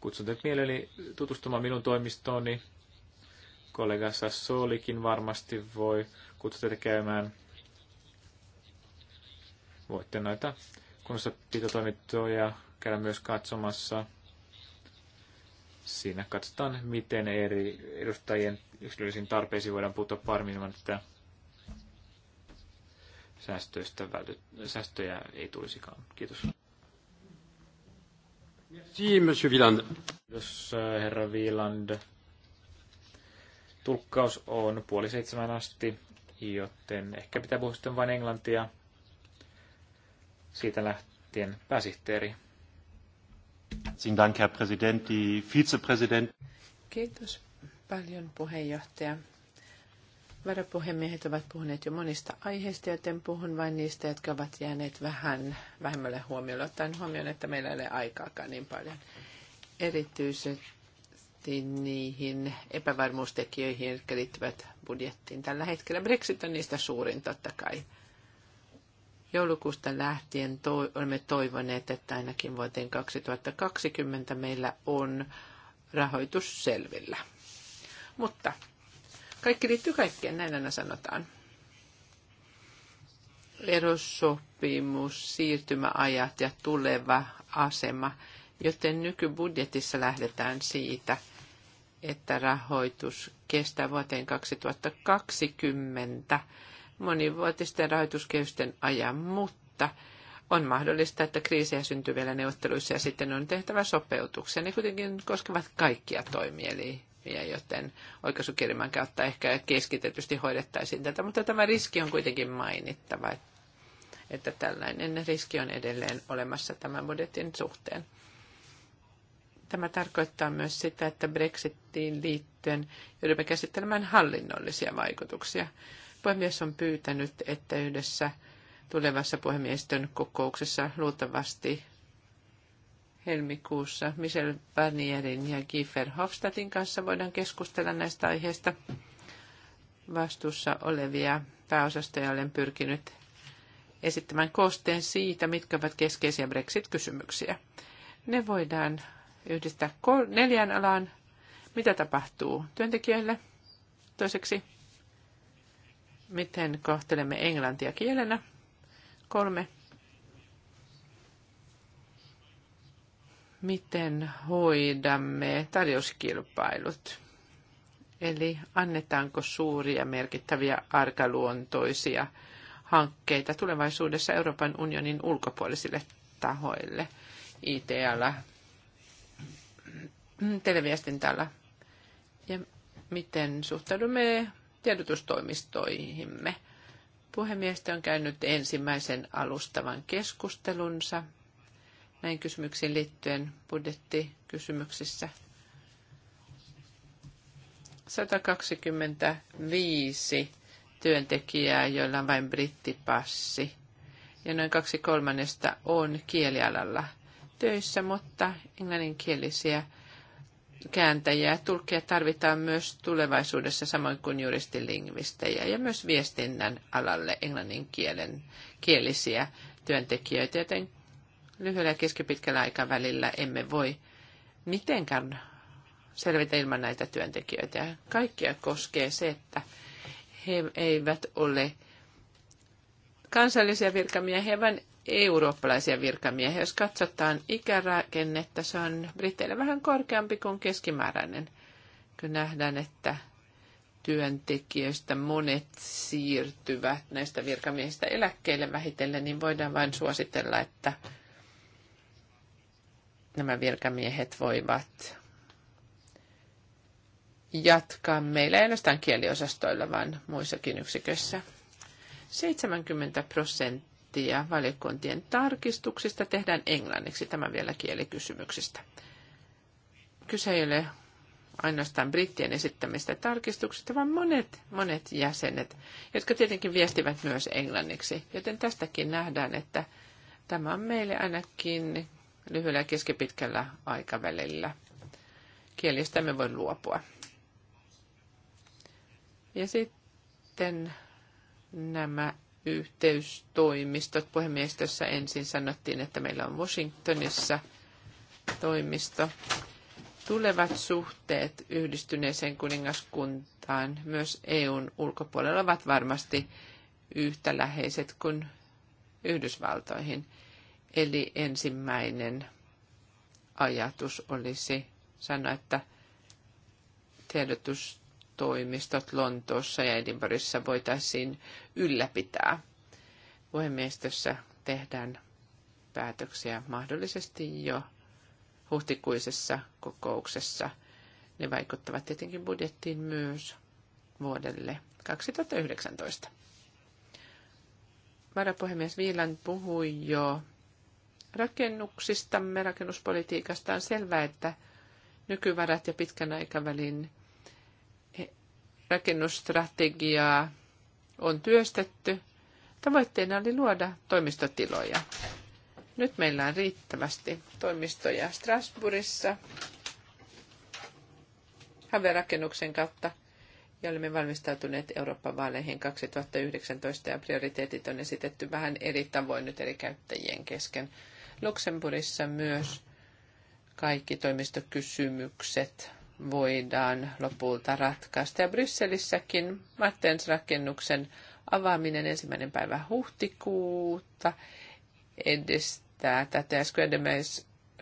kutsun teidät mieleeni tutustumaan minun toimistooni. Kollega Sassolikin varmasti voi kutsua teitä käymään. Voitte noita kunnossapitotoimintoja käydä myös katsomassa. Siinä katsotaan, miten eri edustajien yksilöllisiin tarpeisiin voidaan puuttua paremmin ilman, että säästöistä välty, säästöjä ei tulisikaan. Kiitos. Merci, monsieur Kiitos, herra Wieland. Tulkkaus on puoli seitsemän asti, joten ehkä pitää puhua sitten vain englantia. Siitä lähtien pääsihteeri Dank, Herr Präsident, die Vizepräsident. Kiitos paljon puheenjohtaja. Varapuhemiehet ovat puhuneet jo monista aiheista, joten puhun vain niistä, jotka ovat jääneet vähän vähemmälle huomiolle, ottaen huomioon, että meillä ei ole aikaakaan niin paljon. Erityisesti niihin epävarmuustekijöihin, jotka liittyvät budjettiin tällä hetkellä. Brexit on niistä suurin totta kai. Joulukuusta lähtien to- olemme toivoneet, että ainakin vuoteen 2020 meillä on rahoitus selvillä. Mutta kaikki liittyy kaikkeen, näin aina sanotaan. Erosopimus, siirtymäajat ja tuleva asema, joten nykybudjetissa lähdetään siitä, että rahoitus kestää vuoteen 2020 monivuotisten rahoituskehysten ajan, mutta on mahdollista, että kriisejä syntyy vielä neuvotteluissa ja sitten on tehtävä sopeutuksia. Ne kuitenkin koskevat kaikkia toimielimiä, joten oikaisukirjelmän kautta ehkä keskitetysti hoidettaisiin tätä, mutta tämä riski on kuitenkin mainittava, että tällainen riski on edelleen olemassa tämän budjetin suhteen. Tämä tarkoittaa myös sitä, että Brexitiin liittyen joudumme käsittelemään hallinnollisia vaikutuksia. Puhemies on pyytänyt, että yhdessä tulevassa puhemiestön kokouksessa luultavasti helmikuussa Michel Barnierin ja Giefer Hofstadtin kanssa voidaan keskustella näistä aiheista. Vastuussa olevia pääosastoja olen pyrkinyt esittämään koosteen siitä, mitkä ovat keskeisiä Brexit-kysymyksiä. Ne voidaan yhdistää neljään alaan. Mitä tapahtuu työntekijöille? Toiseksi, miten kohtelemme englantia kielenä. Kolme. Miten hoidamme tarjouskilpailut? Eli annetaanko suuria merkittäviä arkaluontoisia hankkeita tulevaisuudessa Euroopan unionin ulkopuolisille tahoille, IT-ala, televiestintäala. Ja miten suhtaudumme tiedotustoimistoihimme. Puhemiestä on käynyt ensimmäisen alustavan keskustelunsa näin kysymyksiin liittyen budjettikysymyksissä. 125 työntekijää, joilla on vain brittipassi. Ja noin kaksi kolmannesta on kielialalla töissä, mutta englanninkielisiä kääntäjiä. Tulkkeja tarvitaan myös tulevaisuudessa samoin kuin juristilingvistejä ja myös viestinnän alalle englannin kielen kielisiä työntekijöitä, joten lyhyellä ja keskipitkällä aikavälillä emme voi mitenkään selvitä ilman näitä työntekijöitä. Kaikkia koskee se, että he eivät ole kansallisia virkamiehiä, vaan eurooppalaisia virkamiehiä. Jos katsotaan ikärakennetta, se on Briteillä vähän korkeampi kuin keskimääräinen, kun nähdään, että työntekijöistä monet siirtyvät näistä virkamiehistä eläkkeelle vähitellen, niin voidaan vain suositella, että nämä virkamiehet voivat jatkaa meillä ei ainoastaan kieliosastoilla, vaan muissakin yksiköissä. 70 prosenttia ja valikointien tarkistuksista tehdään englanniksi, tämä vielä kielikysymyksistä. Kyse ei ole ainoastaan brittien esittämistä tarkistuksista, vaan monet, monet jäsenet, jotka tietenkin viestivät myös englanniksi. Joten tästäkin nähdään, että tämä on meille ainakin lyhyellä ja keskipitkällä aikavälillä. Kielistä me voi luopua. Ja sitten nämä yhteystoimistot. Puhemiestössä ensin sanottiin, että meillä on Washingtonissa toimisto. Tulevat suhteet yhdistyneeseen kuningaskuntaan myös EUn ulkopuolella ovat varmasti yhtä läheiset kuin Yhdysvaltoihin. Eli ensimmäinen ajatus olisi sanoa, että tiedotus toimistot Lontoossa ja Edinburghissa voitaisiin ylläpitää. Puhemiestössä tehdään päätöksiä mahdollisesti jo huhtikuisessa kokouksessa. Ne vaikuttavat tietenkin budjettiin myös vuodelle 2019. Varapuhemies Viilan puhui jo rakennuksistamme, rakennuspolitiikasta on selvää, että nykyvarat ja pitkän aikavälin rakennusstrategiaa on työstetty. Tavoitteena oli luoda toimistotiloja. Nyt meillä on riittävästi toimistoja Strasbourgissa haverakennuksen kautta ja olemme valmistautuneet Euroopan vaaleihin 2019 ja prioriteetit on esitetty vähän eri tavoin nyt eri käyttäjien kesken. Luxemburgissa myös kaikki toimistokysymykset voidaan lopulta ratkaista. Ja Brysselissäkin rakennuksen avaaminen ensimmäinen päivä huhtikuuta edistää tätä. Ja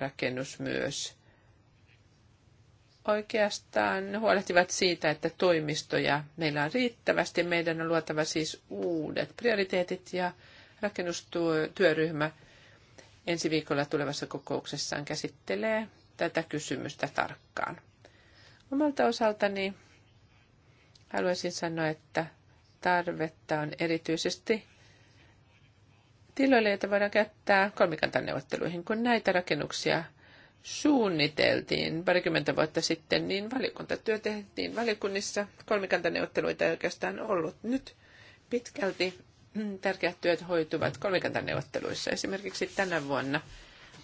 rakennus myös oikeastaan huolehtivat siitä, että toimistoja meillä on riittävästi. Meidän on luotava siis uudet prioriteetit ja rakennustyöryhmä ensi viikolla tulevassa kokouksessaan käsittelee tätä kysymystä tarkkaan. Omalta osaltani haluaisin sanoa, että tarvetta on erityisesti tiloille, joita voidaan käyttää kolmikantaneuvotteluihin. Kun näitä rakennuksia suunniteltiin parikymmentä vuotta sitten, niin valiokuntatyö tehtiin valiokunnissa. Kolmikantaneuvotteluita ei oikeastaan ollut. Nyt pitkälti mm, tärkeät työt hoituvat kolmikantaneuvotteluissa. Esimerkiksi tänä vuonna,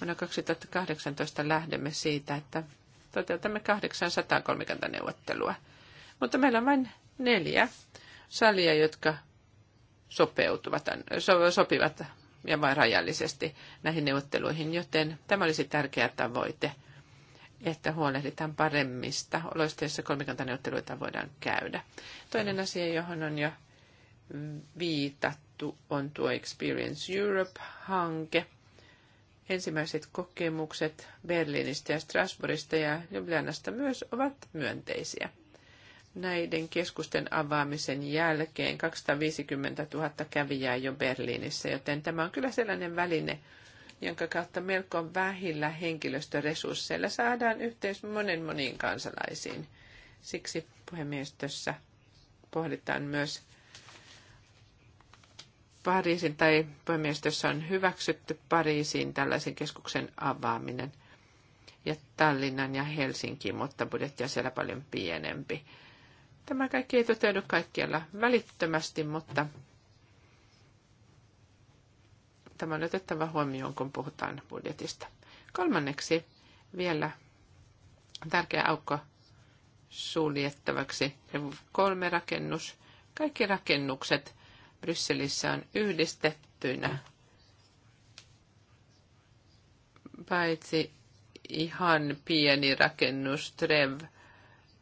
vuonna 2018, lähdemme siitä, että toteutamme 830 neuvottelua. Mutta meillä on vain neljä salia, jotka sopeutuvat, so, sopivat ja vain rajallisesti näihin neuvotteluihin, joten tämä olisi tärkeä tavoite, että huolehditaan paremmista oloista, joissa kolmikantaneuvotteluita voidaan käydä. Toinen asia, johon on jo viitattu, on tuo Experience Europe-hanke – ensimmäiset kokemukset Berliinistä ja Strasbourgista ja Ljubljanasta myös ovat myönteisiä. Näiden keskusten avaamisen jälkeen 250 000 kävijää jo Berliinissä, joten tämä on kyllä sellainen väline, jonka kautta melko vähillä henkilöstöresursseilla saadaan yhteys monen moniin kansalaisiin. Siksi puhemiestössä pohditaan myös Pariisin tai puhemiestössä on hyväksytty Pariisiin tällaisen keskuksen avaaminen ja Tallinnan ja Helsinkiin, mutta budjetti on siellä paljon pienempi. Tämä kaikki ei toteudu kaikkialla välittömästi, mutta tämä on otettava huomioon, kun puhutaan budjetista. Kolmanneksi vielä tärkeä aukko suljettavaksi. Kolme rakennus. Kaikki rakennukset Brysselissä on yhdistettynä paitsi ihan pieni rakennus Trev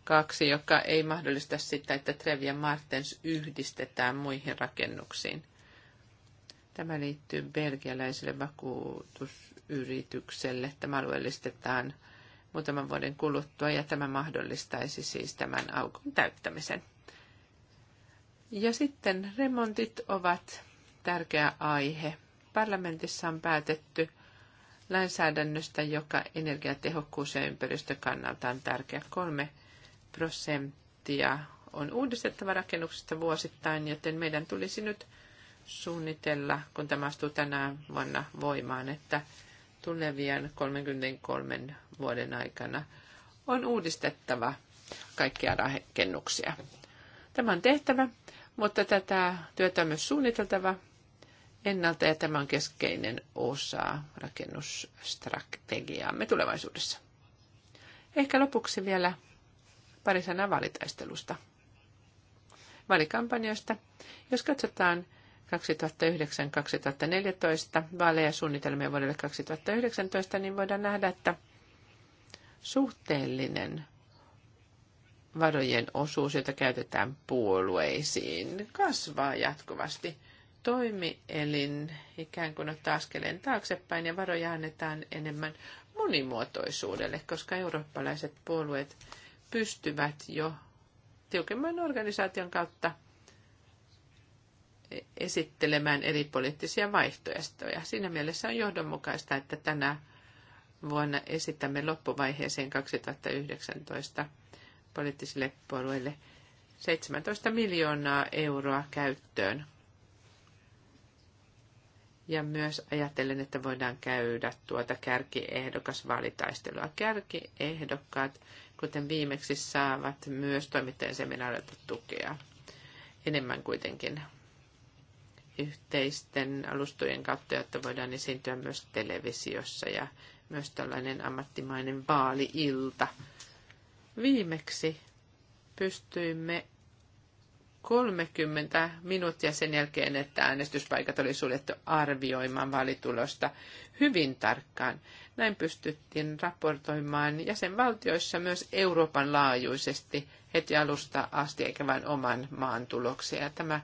2, joka ei mahdollista sitä, että Trev ja Martens yhdistetään muihin rakennuksiin. Tämä liittyy belgialaiselle vakuutusyritykselle. Tämä alueellistetaan muutaman vuoden kuluttua ja tämä mahdollistaisi siis tämän aukon täyttämisen. Ja sitten remontit ovat tärkeä aihe. Parlamentissa on päätetty lainsäädännöstä, joka energiatehokkuus- ja ympäristökannalta on tärkeä. Kolme prosenttia on uudistettava rakennuksista vuosittain, joten meidän tulisi nyt suunnitella, kun tämä astuu tänään vuonna voimaan, että tulevien 33 vuoden aikana on uudistettava kaikkia rakennuksia. Tämä on tehtävä mutta tätä työtä on myös suunniteltava ennalta ja tämä on keskeinen osa rakennusstrategiaamme tulevaisuudessa. Ehkä lopuksi vielä pari sanaa valitaistelusta. Valikampanjoista. Jos katsotaan 2009-2014 vaaleja suunnitelmia vuodelle 2019, niin voidaan nähdä, että suhteellinen varojen osuus, jota käytetään puolueisiin, kasvaa jatkuvasti. Toimielin ikään kuin ottaa askeleen taaksepäin ja varoja annetaan enemmän monimuotoisuudelle, koska eurooppalaiset puolueet pystyvät jo tiukemman organisaation kautta esittelemään eri poliittisia vaihtoehtoja. Siinä mielessä on johdonmukaista, että tänä vuonna esitämme loppuvaiheeseen 2019 poliittisille puolueille 17 miljoonaa euroa käyttöön. Ja myös ajattelen, että voidaan käydä tuota kärkiehdokasvaalitaistelua. Kärkiehdokkaat, kuten viimeksi, saavat myös toimittajan seminaarilta tukea. Enemmän kuitenkin yhteisten alustojen kautta, jotta voidaan esiintyä myös televisiossa ja myös tällainen ammattimainen vaaliilta Viimeksi pystyimme 30 minuuttia sen jälkeen, että äänestyspaikat oli suljettu arvioimaan valitulosta hyvin tarkkaan. Näin pystyttiin raportoimaan jäsenvaltioissa myös Euroopan laajuisesti heti alusta asti, eikä vain oman maan tuloksia. Ja tämä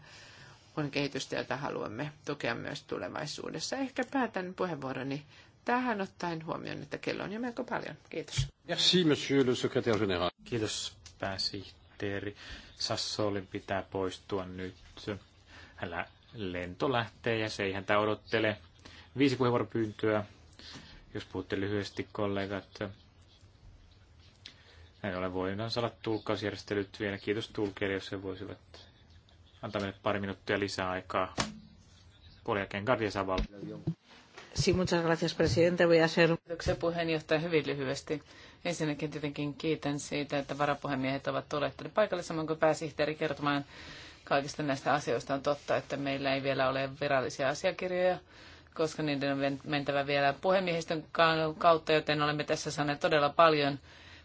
on kehitystä, jota haluamme tukea myös tulevaisuudessa. Ehkä päätän puheenvuoroni tähän ottaen huomioon, että kello on jo melko paljon. Kiitos. Merci, monsieur le secrétaire général. Kiitos, pääsihteeri. Sassolin pitää poistua nyt. Hänellä lento lähtee ja se ei häntä odottele. Viisi puheenvuoropyyntöä, jos puhutte lyhyesti kollegat. Näin ollen voidaan saada tulkkausjärjestelyt vielä. Kiitos tulkeille, jos he voisivat antaa meille pari minuuttia lisää aikaa. Puolen jälkeen Gardia Sí, muchas gracias, presidente. Voy a ser... Kiitoksia puheenjohtaja hyvin lyhyesti. Ensinnäkin tietenkin kiitän siitä, että varapuhemiehet ovat tulleet tänne paikalle, samoin kuin pääsihteeri kertomaan kaikista näistä asioista. On totta, että meillä ei vielä ole virallisia asiakirjoja, koska niiden on mentävä vielä puhemiehistön kautta, joten olemme tässä saaneet todella paljon,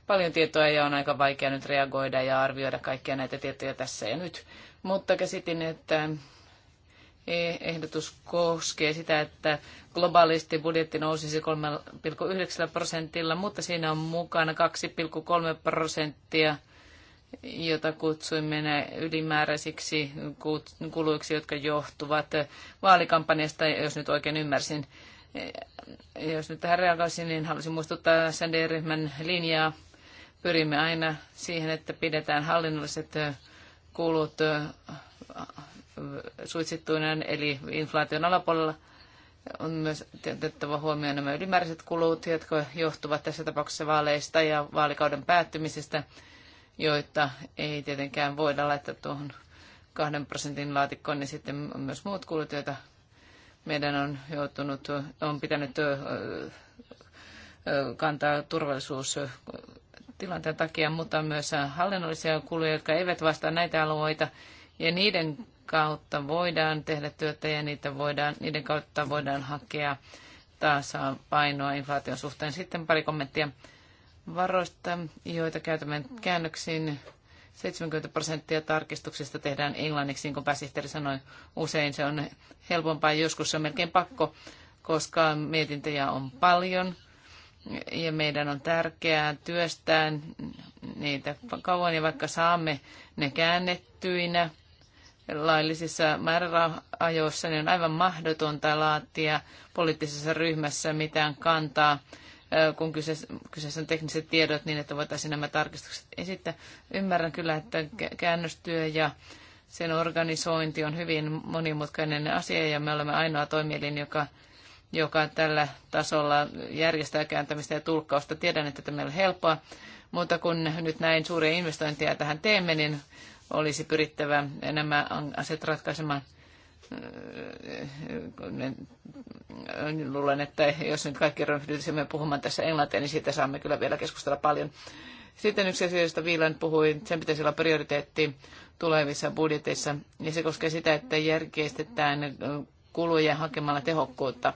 paljon tietoa ja on aika vaikea nyt reagoida ja arvioida kaikkia näitä tietoja tässä ja nyt. Mutta käsitin, että ehdotus koskee sitä, että globaalisti budjetti nousisi 3,9 prosentilla, mutta siinä on mukana 2,3 prosenttia, jota kutsuimme ylimääräisiksi kuluiksi, jotka johtuvat vaalikampanjasta, jos nyt oikein ymmärsin. Jos nyt tähän reagoisin, niin haluaisin muistuttaa SND-ryhmän linjaa. Pyrimme aina siihen, että pidetään hallinnolliset kulut suitsittuinen, eli inflaation alapuolella on myös otettava huomioon nämä ylimääräiset kulut, jotka johtuvat tässä tapauksessa vaaleista ja vaalikauden päättymisestä, joita ei tietenkään voida laittaa tuohon kahden prosentin laatikkoon, niin sitten on myös muut kulut, joita meidän on joutunut, on pitänyt kantaa turvallisuustilanteen takia, mutta myös hallinnollisia kuluja, jotka eivät vastaa näitä alueita, ja niiden kautta voidaan tehdä työtä ja niitä voidaan, niiden kautta voidaan hakea painoa inflaation suhteen. Sitten pari kommenttia varoista, joita käytämme käännöksiin. 70 prosenttia tarkistuksista tehdään englanniksi, niin kuin pääsihteeri sanoi. Usein se on helpompaa, joskus se on melkein pakko, koska mietintöjä on paljon ja meidän on tärkeää työstää niitä kauan ja vaikka saamme ne käännettyinä, laillisissa määräajoissa, niin on aivan mahdotonta laatia poliittisessa ryhmässä mitään kantaa, kun kyseessä on tekniset tiedot niin, että voitaisiin nämä tarkistukset esittää. Ymmärrän kyllä, että käännöstyö ja sen organisointi on hyvin monimutkainen asia ja me olemme ainoa toimielin, joka, joka tällä tasolla järjestää kääntämistä ja tulkkausta. Tiedän, että tämä ei ole helppoa, mutta kun nyt näin suuria investointeja tähän teemme, niin olisi pyrittävä nämä asiat ratkaisemaan. Äh, äh, luulen, että jos nyt kaikki ryhdytisimme puhumaan tässä englantia, niin siitä saamme kyllä vielä keskustella paljon. Sitten yksi asia, josta Viilan puhui, sen pitäisi olla prioriteetti tulevissa budjeteissa, ja se koskee sitä, että järkeistetään kuluja hakemalla tehokkuutta.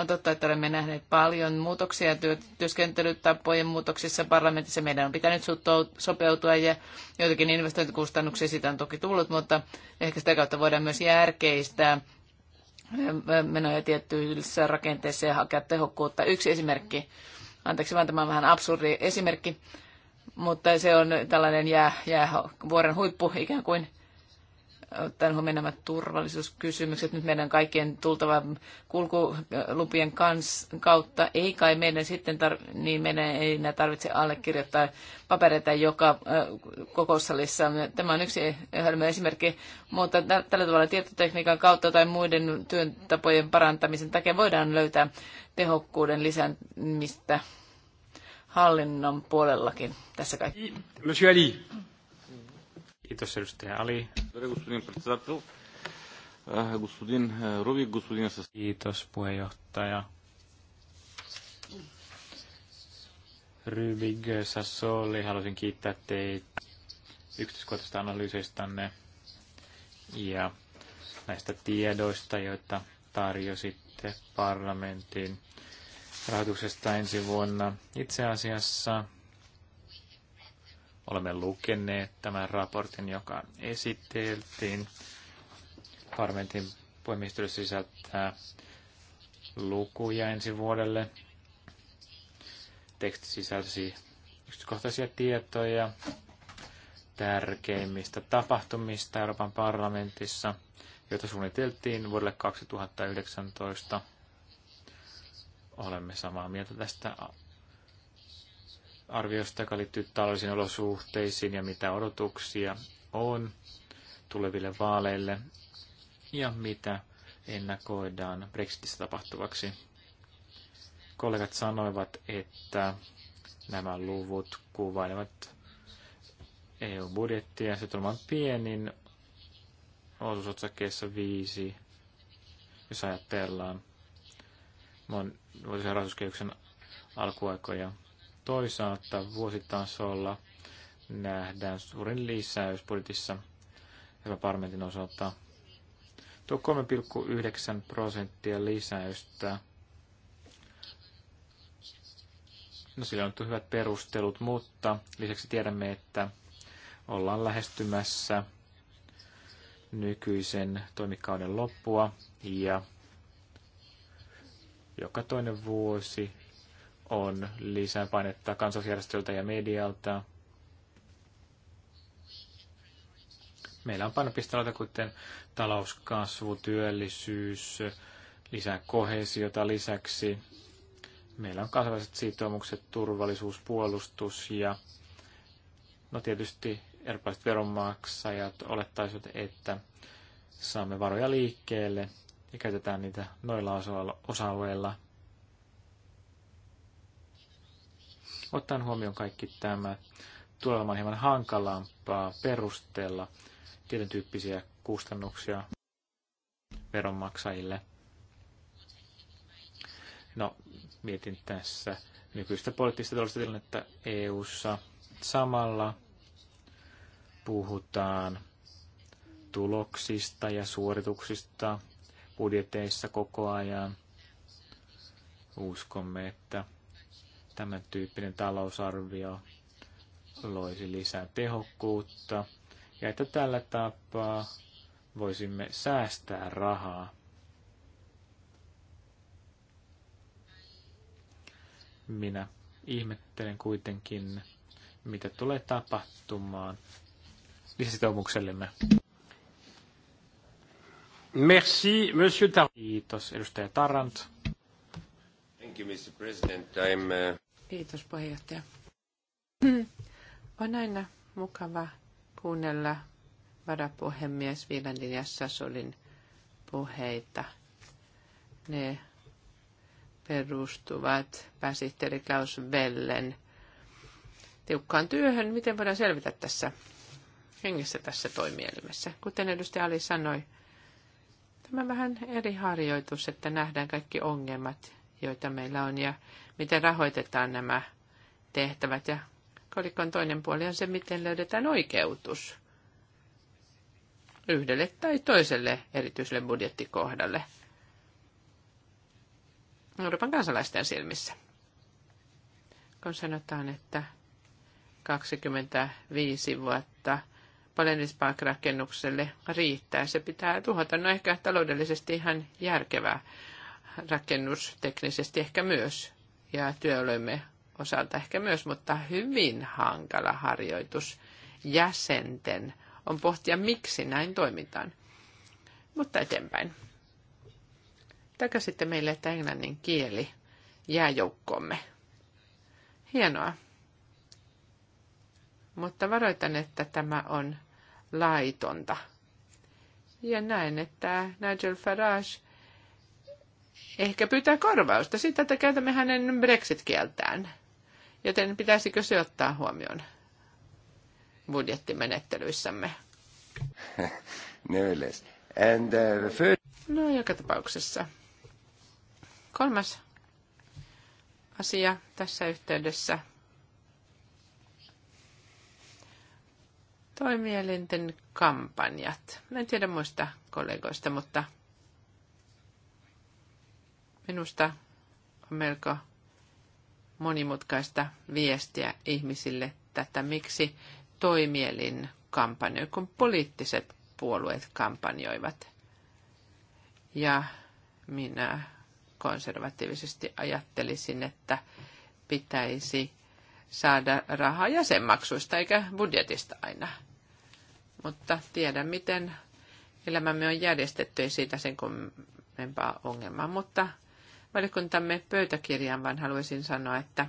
On totta, että olemme nähneet paljon muutoksia työskentelytapojen muutoksissa parlamentissa. Meidän on pitänyt sopeutua ja joitakin investointikustannuksia siitä on toki tullut, mutta ehkä sitä kautta voidaan myös järkeistää eh, menoja tiettyissä rakenteissa ja hakea tehokkuutta. Yksi esimerkki, anteeksi vaan tämä on vähän absurdi esimerkki, mutta se on tällainen jää, jää vuoren huippu ikään kuin – tämän huomioon nämä turvallisuuskysymykset. Nyt meidän kaikkien tultava kulkulupien kans, kautta. Ei kai meidän sitten tar- niin meidän ei enää tarvitse allekirjoittaa papereita joka kokoussalissa. Tämä on yksi hölmö esimerkki, mutta tällä tavalla tietotekniikan kautta tai muiden työntapojen parantamisen takia voidaan löytää tehokkuuden lisäämistä hallinnon puolellakin tässä kaikki. Monsieur Ali. Kiitos edustaja Ali. Kiitos puheenjohtaja. Rybig Sassoli, haluaisin kiittää teitä yksityiskohtaisista analyyseistanne ja näistä tiedoista, joita tarjositte parlamentin rahoituksesta ensi vuonna. Itse asiassa Olemme lukeneet tämän raportin, joka esiteltiin. Parlamentin puhemiestely sisältää lukuja ensi vuodelle. Teksti sisälsi yksityiskohtaisia tietoja tärkeimmistä tapahtumista Euroopan parlamentissa, joita suunniteltiin vuodelle 2019. Olemme samaa mieltä tästä arviosta, joka liittyy taloudellisiin olosuhteisiin ja mitä odotuksia on tuleville vaaleille ja mitä ennakoidaan Brexitissä tapahtuvaksi. Kollegat sanoivat, että nämä luvut kuvailevat EU-budjettia. Se on pienin osuusotsakkeessa viisi. jos ajatellaan vuotisen rahoituskehyksen alkuaikoja Toisaalta vuositasolla nähdään suurin lisäys budjetissa Euroopan parlamentin osalta. Tuo 3,9 prosenttia lisäystä. No sillä on hyvät perustelut, mutta lisäksi tiedämme, että ollaan lähestymässä nykyisen toimikauden loppua ja joka toinen vuosi on lisää painetta kansalaisjärjestöiltä ja medialta. Meillä on painopistealoita, kuten talouskasvu, työllisyys, lisää kohesiota lisäksi. Meillä on kansainväliset sitoumukset, turvallisuus, puolustus ja no tietysti erilaiset veronmaksajat olettaisivat, että saamme varoja liikkeelle ja käytetään niitä noilla osa-alueilla – Ottaen huomioon kaikki tämä, tulee olemaan hieman hankalampaa perustella tietyn tyyppisiä kustannuksia veronmaksajille. No, mietin tässä nykyistä poliittista taloudellista tilannetta EU-ssa. Samalla puhutaan tuloksista ja suorituksista budjeteissa koko ajan. Uskomme, että Tämän tyyppinen talousarvio loisi lisää tehokkuutta ja että tällä tapaa voisimme säästää rahaa. Minä ihmettelen kuitenkin, mitä tulee tapahtumaan lisäsitoumuksellemme. Merci, monsieur Tarant. Kiitos, edustaja Tarant. Thank you, Mr. President. I'm, uh... Kiitos puheenjohtaja. On aina mukava kuunnella varapuhemies Viilandin ja Sasolin puheita. Ne perustuvat pääsihteeri Klaus Vellen tiukkaan työhön, miten voidaan selvitä tässä hengessä tässä toimielimessä. Kuten edustaja Ali sanoi, tämä on vähän eri harjoitus, että nähdään kaikki ongelmat, joita meillä on, ja miten rahoitetaan nämä tehtävät. Ja kolikon toinen puoli on se, miten löydetään oikeutus yhdelle tai toiselle erityiselle budjettikohdalle Euroopan kansalaisten silmissä. Kun sanotaan, että 25 vuotta palenispaak-rakennukselle riittää. Se pitää tuhota. No ehkä taloudellisesti ihan järkevää rakennusteknisesti ehkä myös ja työoloimme osalta ehkä myös, mutta hyvin hankala harjoitus jäsenten on pohtia, miksi näin toimitaan. Mutta eteenpäin. Takaisin meille, että englannin kieli jää joukkoomme. Hienoa. Mutta varoitan, että tämä on laitonta. Ja näen, että Nigel Farage ehkä pyytää korvausta siitä, että käytämme hänen brexit-kieltään. Joten pitäisikö se ottaa huomioon budjettimenettelyissämme? (laughs) And, uh, first... No joka tapauksessa. Kolmas asia tässä yhteydessä. Toimielinten kampanjat. En tiedä muista kollegoista, mutta Minusta on melko monimutkaista viestiä ihmisille tätä, miksi toimielin kampanjoi, kun poliittiset puolueet kampanjoivat. Ja minä konservatiivisesti ajattelisin, että pitäisi saada rahaa jäsenmaksuista eikä budjetista aina. Mutta tiedän, miten elämämme on järjestetty, ei siitä sen kummempaa ongelmaa. Mutta valikuntamme pöytäkirjaan, vaan haluaisin sanoa, että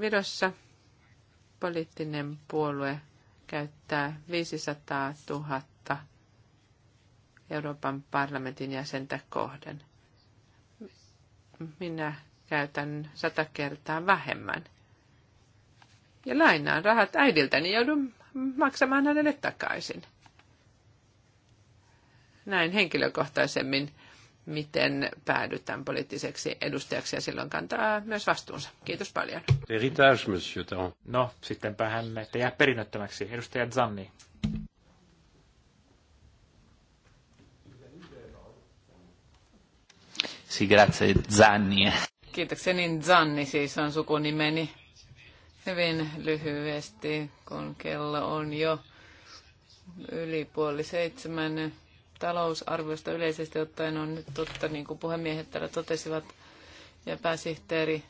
Virossa poliittinen puolue käyttää 500 000 Euroopan parlamentin jäsentä kohden. Minä käytän sata kertaa vähemmän. Ja lainaan rahat äidiltäni niin joudun maksamaan hänelle takaisin. Näin henkilökohtaisemmin miten päädytään poliittiseksi edustajaksi ja silloin kantaa myös vastuunsa. Kiitos paljon. monsieur No, sittenpä hän että jää perinnöttömäksi. Edustaja Zanni. Si, grazie, Zanni. Kiitoksia, niin Zanni siis on sukunimeni. Hyvin lyhyesti, kun kello on jo yli puoli seitsemän talousarviosta yleisesti ottaen on nyt totta, niin kuin puhemiehet täällä totesivat ja pääsihteeri.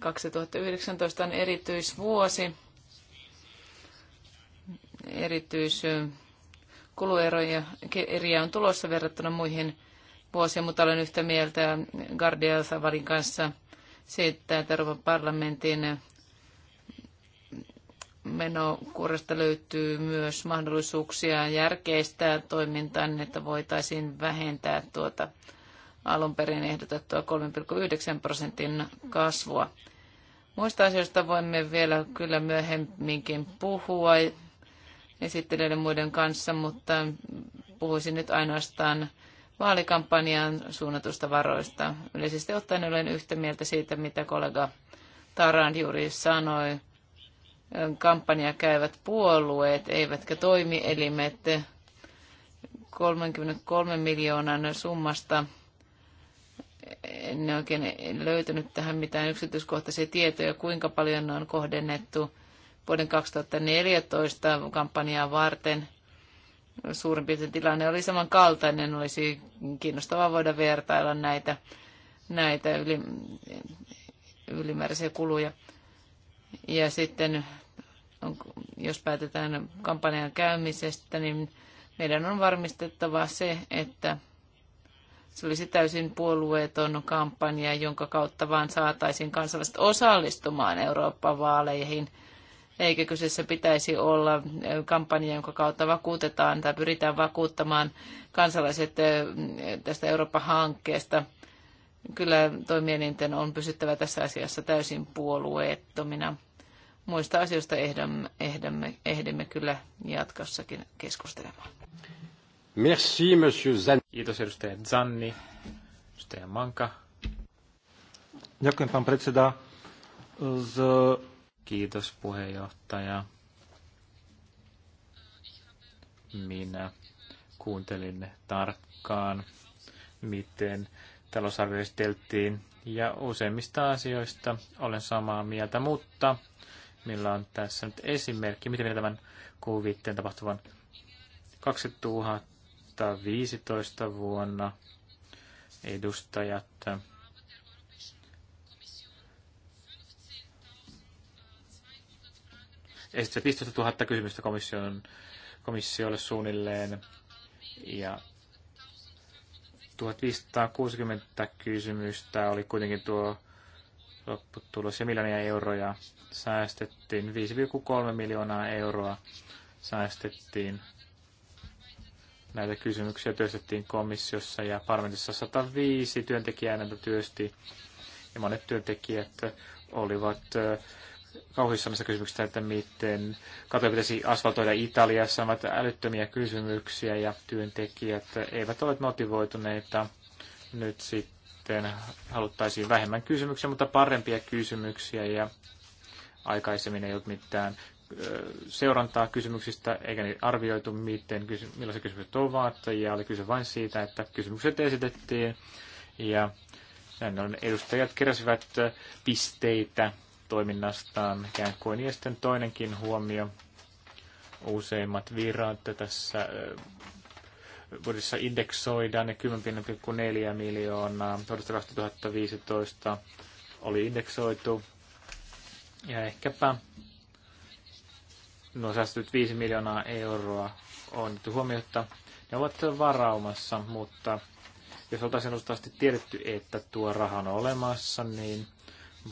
2019 on erityisvuosi, erityiskulueroja eriä on tulossa verrattuna muihin vuosiin, mutta olen yhtä mieltä Gardia Savarin kanssa siitä, että Euroopan parlamentin menokuoresta löytyy myös mahdollisuuksia järkeistää toimintaa, niin että voitaisiin vähentää tuota alun perin ehdotettua 3,9 prosentin kasvua. Muista asioista voimme vielä kyllä myöhemminkin puhua esittelijöiden muiden kanssa, mutta puhuisin nyt ainoastaan vaalikampanjaan suunnatusta varoista. Yleisesti ottaen olen yhtä mieltä siitä, mitä kollega Taran juuri sanoi kampanja käyvät puolueet, eivätkä toimielimet 33 miljoonan summasta. En oikein löytänyt tähän mitään yksityiskohtaisia tietoja, kuinka paljon ne on kohdennettu vuoden 2014 kampanjaa varten. Suurin piirtein tilanne oli samankaltainen, olisi kiinnostavaa voida vertailla näitä, näitä yli, ylimääräisiä kuluja. Ja sitten jos päätetään kampanjan käymisestä, niin meidän on varmistettava se, että se olisi täysin puolueeton kampanja, jonka kautta vaan saataisiin kansalaiset osallistumaan Euroopan vaaleihin. Eikä kyseessä pitäisi olla kampanja, jonka kautta vakuutetaan tai pyritään vakuuttamaan kansalaiset tästä Euroopan hankkeesta – kyllä toimielinten on pysyttävä tässä asiassa täysin puolueettomina. Muista asioista ehdämme, ehdämme, ehdimme kyllä jatkossakin keskustelemaan. Merci, monsieur Zanni. Kiitos, edustaja Zanni. Edustaja Manka. Jokin, pan predseda. Z... Kiitos, puheenjohtaja. Minä kuuntelin tarkkaan, miten talousarvioisteltiin ja useimmista asioista olen samaa mieltä, mutta millä on tässä nyt esimerkki, miten tämän kuviitteen tapahtuvan 2015 vuonna edustajat esittivät 15 000 kysymystä komission, komissiolle suunnilleen ja 1560 kysymystä oli kuitenkin tuo lopputulos ja miljoonia euroja säästettiin. 5,3 miljoonaa euroa säästettiin. Näitä kysymyksiä työstettiin komissiossa ja parlamentissa 105 työntekijää näitä työsti. Ja monet työntekijät olivat kauhissamista kysymyksistä, että miten katoja pitäisi asfaltoida Italiassa, ovat älyttömiä kysymyksiä ja työntekijät eivät ole motivoituneita. Nyt sitten haluttaisiin vähemmän kysymyksiä, mutta parempia kysymyksiä ja aikaisemmin ei ollut mitään seurantaa kysymyksistä, eikä niitä arvioitu, miten, millaisia kysymykset ovat, ja oli kyse vain siitä, että kysymykset esitettiin, ja näin ollen edustajat keräsivät pisteitä toiminnastaan ikään kuin. Ja sitten toinenkin huomio, useimmat virat tässä vuodessa indeksoidaan ne 10,4 miljoonaa. Todesta 2015 oli indeksoitu. Ja ehkäpä nuo säästetyt 5 miljoonaa euroa on nyt huomiota. Ne ovat varaumassa, mutta jos oltaisiin asti tiedetty, että tuo raha on olemassa, niin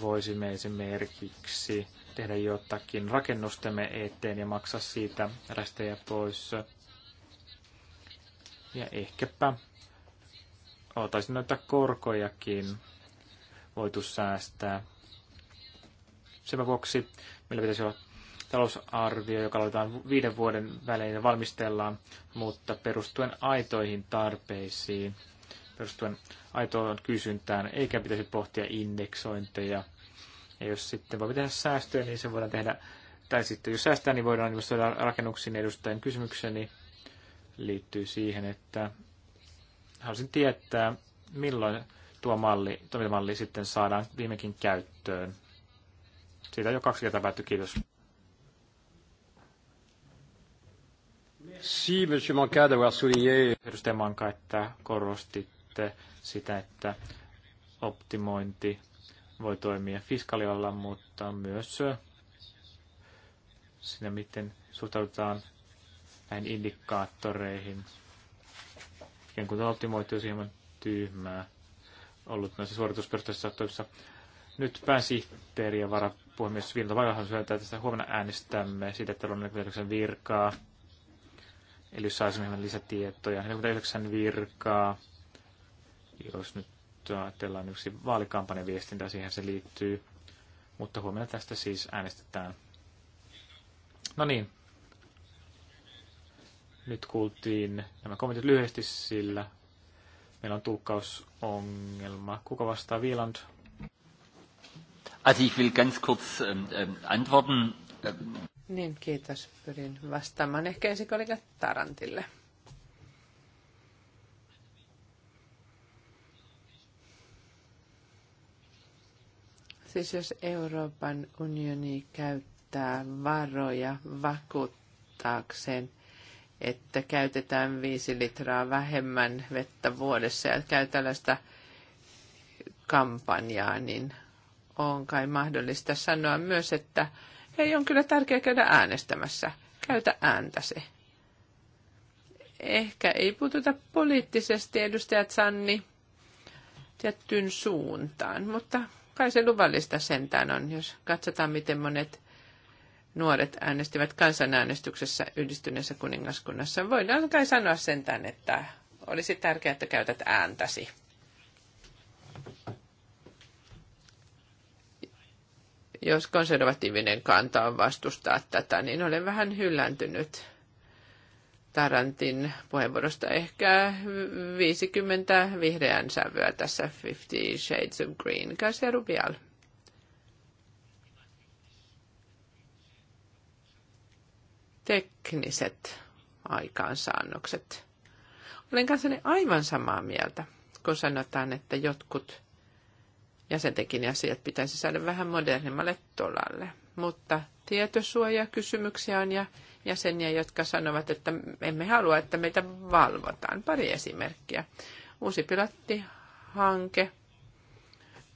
voisimme esimerkiksi tehdä jotakin rakennustemme eteen ja maksaa siitä rästejä pois. Ja ehkäpä otaisin noita korkojakin voitu säästää. Sen vuoksi meillä pitäisi olla talousarvio, joka laitetaan viiden vuoden välein ja valmistellaan, mutta perustuen aitoihin tarpeisiin perustuen aitoon kysyntään, eikä pitäisi pohtia indeksointeja. Ja jos sitten voi tehdä säästöjä, niin se voidaan tehdä, tai sitten jos säästää, niin voidaan investoida rakennuksiin edustajan kysymykseni niin liittyy siihen, että haluaisin tietää, milloin tuo malli, toimintamalli sitten saadaan viimekin käyttöön. Siitä jo kaksi kertaa päätty, kiitos. Merci, Monsieur Manka, d'avoir souligné. Edustaja Manka, että korostit sitä, että optimointi voi toimia fiskaliolla, mutta myös siinä, miten suhtaudutaan näihin indikaattoreihin. Ikään kuin optimoitu hieman tyhmää ollut noissa suoritusperusteissa toimissa. Nyt pääsihteeri ja varapuhemies Vilta Vajohan syöntää tästä huomenna äänestämme siitä, että on 49 virkaa. Eli jos saisimme lisätietoja, 49 virkaa jos nyt ajatellaan yksi vaalikampanjaviestintä, siihen se liittyy. Mutta huomenna tästä siis äänestetään. No niin. Nyt kuultiin nämä kommentit lyhyesti, sillä meillä on tulkkausongelma. Kuka vastaa Wieland? Also ich will ganz kurz ähm, ähm antworten. Niin, kiitos. Pyrin vastaamaan ehkä ensin kollega Tarantille. siis jos Euroopan unioni käyttää varoja vakuuttaakseen, että käytetään viisi litraa vähemmän vettä vuodessa ja käy tällaista kampanjaa, niin on kai mahdollista sanoa myös, että ei on kyllä tärkeää käydä äänestämässä. Käytä ääntäsi. Ehkä ei puututa poliittisesti, edustajat Sanni, tiettyyn suuntaan, mutta Kai se luvallista sentään on, jos katsotaan, miten monet nuoret äänestivät kansanäänestyksessä yhdistyneessä kuningaskunnassa. Voidaan kai sanoa sentään, että olisi tärkeää, että käytät ääntäsi. Jos konservatiivinen kanta on vastustaa tätä, niin olen vähän hyllääntynyt Tarantin puheenvuorosta ehkä 50 vihreän sävyä tässä 50 Shades of Green. Kasia Rubial. Tekniset aikaansaannokset. Olen kanssani aivan samaa mieltä, kun sanotaan, että jotkut jäsentekin asiat pitäisi saada vähän modernimmalle tolalle. Mutta tietosuojakysymyksiä on ja jäseniä, jotka sanovat, että emme halua, että meitä valvotaan. Pari esimerkkiä. Uusi pilattihanke,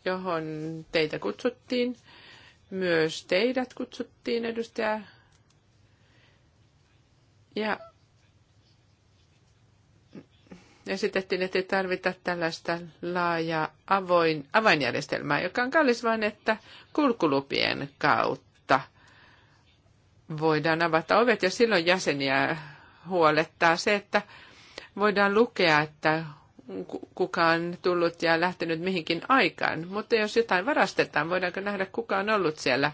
johon teitä kutsuttiin. Myös teidät kutsuttiin, edustaja. Ja esitettiin, että ei tarvita tällaista laajaa avoin, avainjärjestelmää, joka on kallis vain, että kulkulupien kautta voidaan avata ovet ja silloin jäseniä huolettaa se, että voidaan lukea, että kuka on tullut ja lähtenyt mihinkin aikaan. Mutta jos jotain varastetaan, voidaanko nähdä, kuka on ollut siellä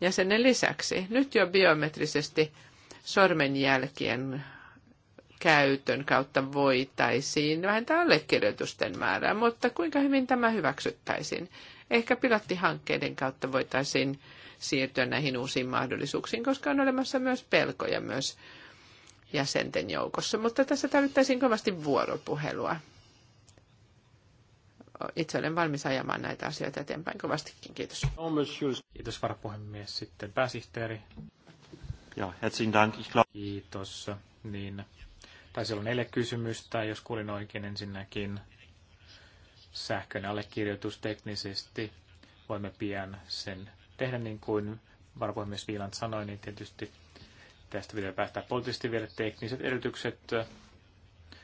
jäsenen lisäksi. Nyt jo biometrisesti sormenjälkien käytön kautta voitaisiin vähentää allekirjoitusten määrää, mutta kuinka hyvin tämä hyväksyttäisiin? Ehkä pilottihankkeiden kautta voitaisiin siirtyä näihin uusiin mahdollisuuksiin, koska on olemassa myös pelkoja myös jäsenten joukossa. Mutta tässä tarvittaisiin kovasti vuoropuhelua. Itse olen valmis ajamaan näitä asioita eteenpäin kovastikin. Kiitos. Kiitos varapuhemies. Sitten pääsihteeri. Ja, herzlichen Dank. Ich glaub... Kiitos. Niin, siellä on neljä kysymystä, jos kuulin oikein ensinnäkin. Sähköinen allekirjoitus teknisesti. Voimme pian sen tehdä niin kuin varapuhemies viilan sanoi, niin tietysti tästä pitää päättää poliittisesti vielä tekniset edellytykset,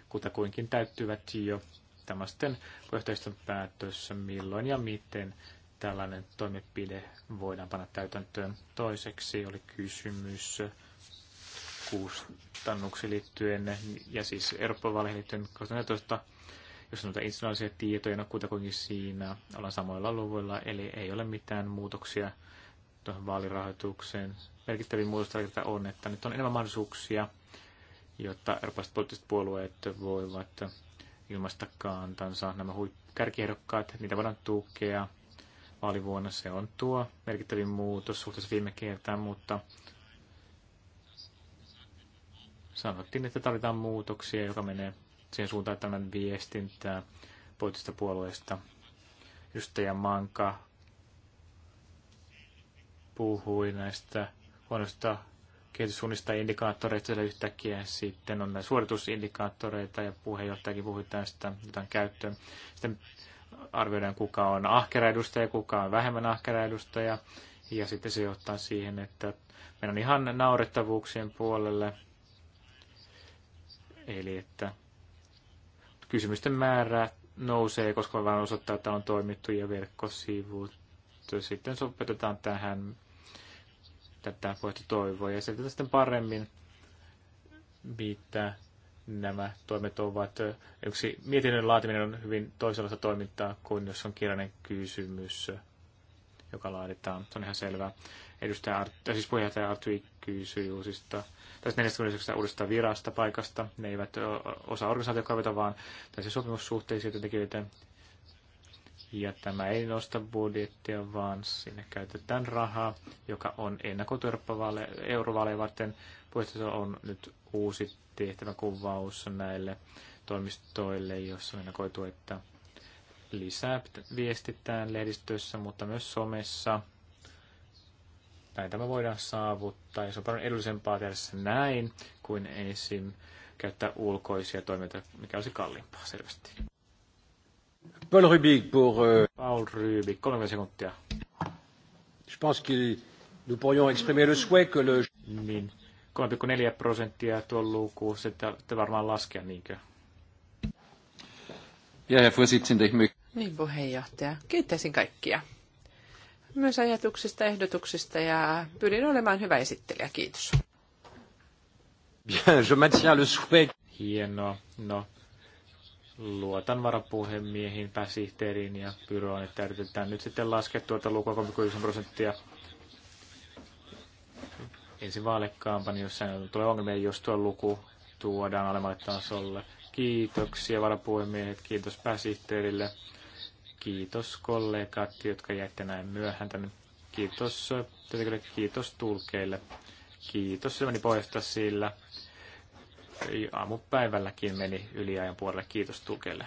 kutakuinkin täyttyvät jo tämä sitten puheenjohtajiston päätössä, milloin ja miten tällainen toimenpide voidaan panna täytäntöön. Toiseksi oli kysymys kustannuksi liittyen ja siis Eurooppa-vaaleihin liittyen 2014, jos noita institutionaalisia tietoja, no kuitenkin siinä ollaan samoilla luvuilla, eli ei ole mitään muutoksia tuohon vaalirahoitukseen. Merkittävin muutos tarkoittaa on, että nyt on enemmän mahdollisuuksia, jotta eurooppalaiset poliittiset puolueet voivat ilmaista kantansa. Nämä huip- kärkiehdokkaat, niitä voidaan tukea vaalivuonna. Se on tuo merkittävin muutos suhteessa viime kertaan, mutta sanottiin, että tarvitaan muutoksia, joka menee siihen suuntaan, että tämän viestintää poliittisesta puolueesta. Ystäjä Manka puhui näistä huonoista kehityssuunnista indikaattoreista, siellä yhtäkkiä sitten on näitä suoritusindikaattoreita ja puheenjohtajakin puhui tästä jotain käyttöön. Sitten arvioidaan, kuka on ahkera edustaja, kuka on vähemmän ahkera edustaja. Ja sitten se johtaa siihen, että meidän ihan naurettavuuksien puolelle – Eli että kysymysten määrä nousee, koska vain osoittaa, että on toimittu ja verkkosivut. Sitten sopetetaan tähän tätä voitte toivoa ja selitetään sitten paremmin, mitä nämä toimet ovat. Yksi mietinnön laatiminen on hyvin toisenlaista toimintaa kuin jos on kirjainen kysymys joka laaditaan. Se on ihan selvää. Edustaja Art, siis puheenjohtaja Artui kysyy uusista, tästä siis 49 uudesta virasta paikasta. Ne eivät osa organisaatiokaveta, vaan tässä sopimussuhteisiin työntekijöitä. Ja tämä ei nosta budjettia, vaan sinne käytetään rahaa, joka on ennakoitu eurovaaleja varten. Puheenjohtaja on nyt uusi tehtäväkuvaus näille toimistoille, jossa on ennakoitu, että lisää viestitään lehdistössä, mutta myös somessa. Näitä me voidaan saavuttaa ja se on paljon edullisempaa tehdä se näin kuin esim. käyttää ulkoisia toimijoita, mikä olisi kalliimpaa selvästi. Paul Rubik pour... Euh, Paul Rubik, 30 sekuntia. Je pense que nous pourrions exprimer le souhait que le... Niin, 3,4 prosenttia tuo luku, se te varmaan laskea niinkö? Ja, Herr Vorsitzende, ich möchte... Niin puheenjohtaja. Kiittäisin kaikkia. Myös ajatuksista, ehdotuksista ja pyrin olemaan hyvä esittelijä. Kiitos. Bien, je maintiens le souhait. Hienoa. No, luotan varapuhemiehiin, pääsihteeriin ja pyroon, että yritetään nyt sitten laskea tuota lukua 39 prosenttia ensi vaalekampanjassa tulee ongelmia, jos tuo luku tuodaan alemmalle tasolle. Kiitoksia varapuhemiehet, kiitos pääsihteerille. Kiitos kollegat, jotka jäitte näin myöhään tänne. Kiitos, kiitos tulkeille. Kiitos Syväni pohjasta sillä. Aamupäivälläkin meni yliajan puolelle. Kiitos tulkeille.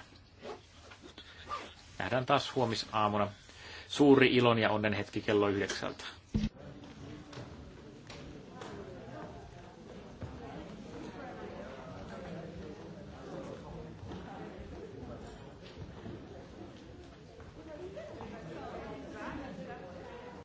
Nähdään taas huomisaamuna. Suuri ilon ja onnen hetki kello yhdeksältä.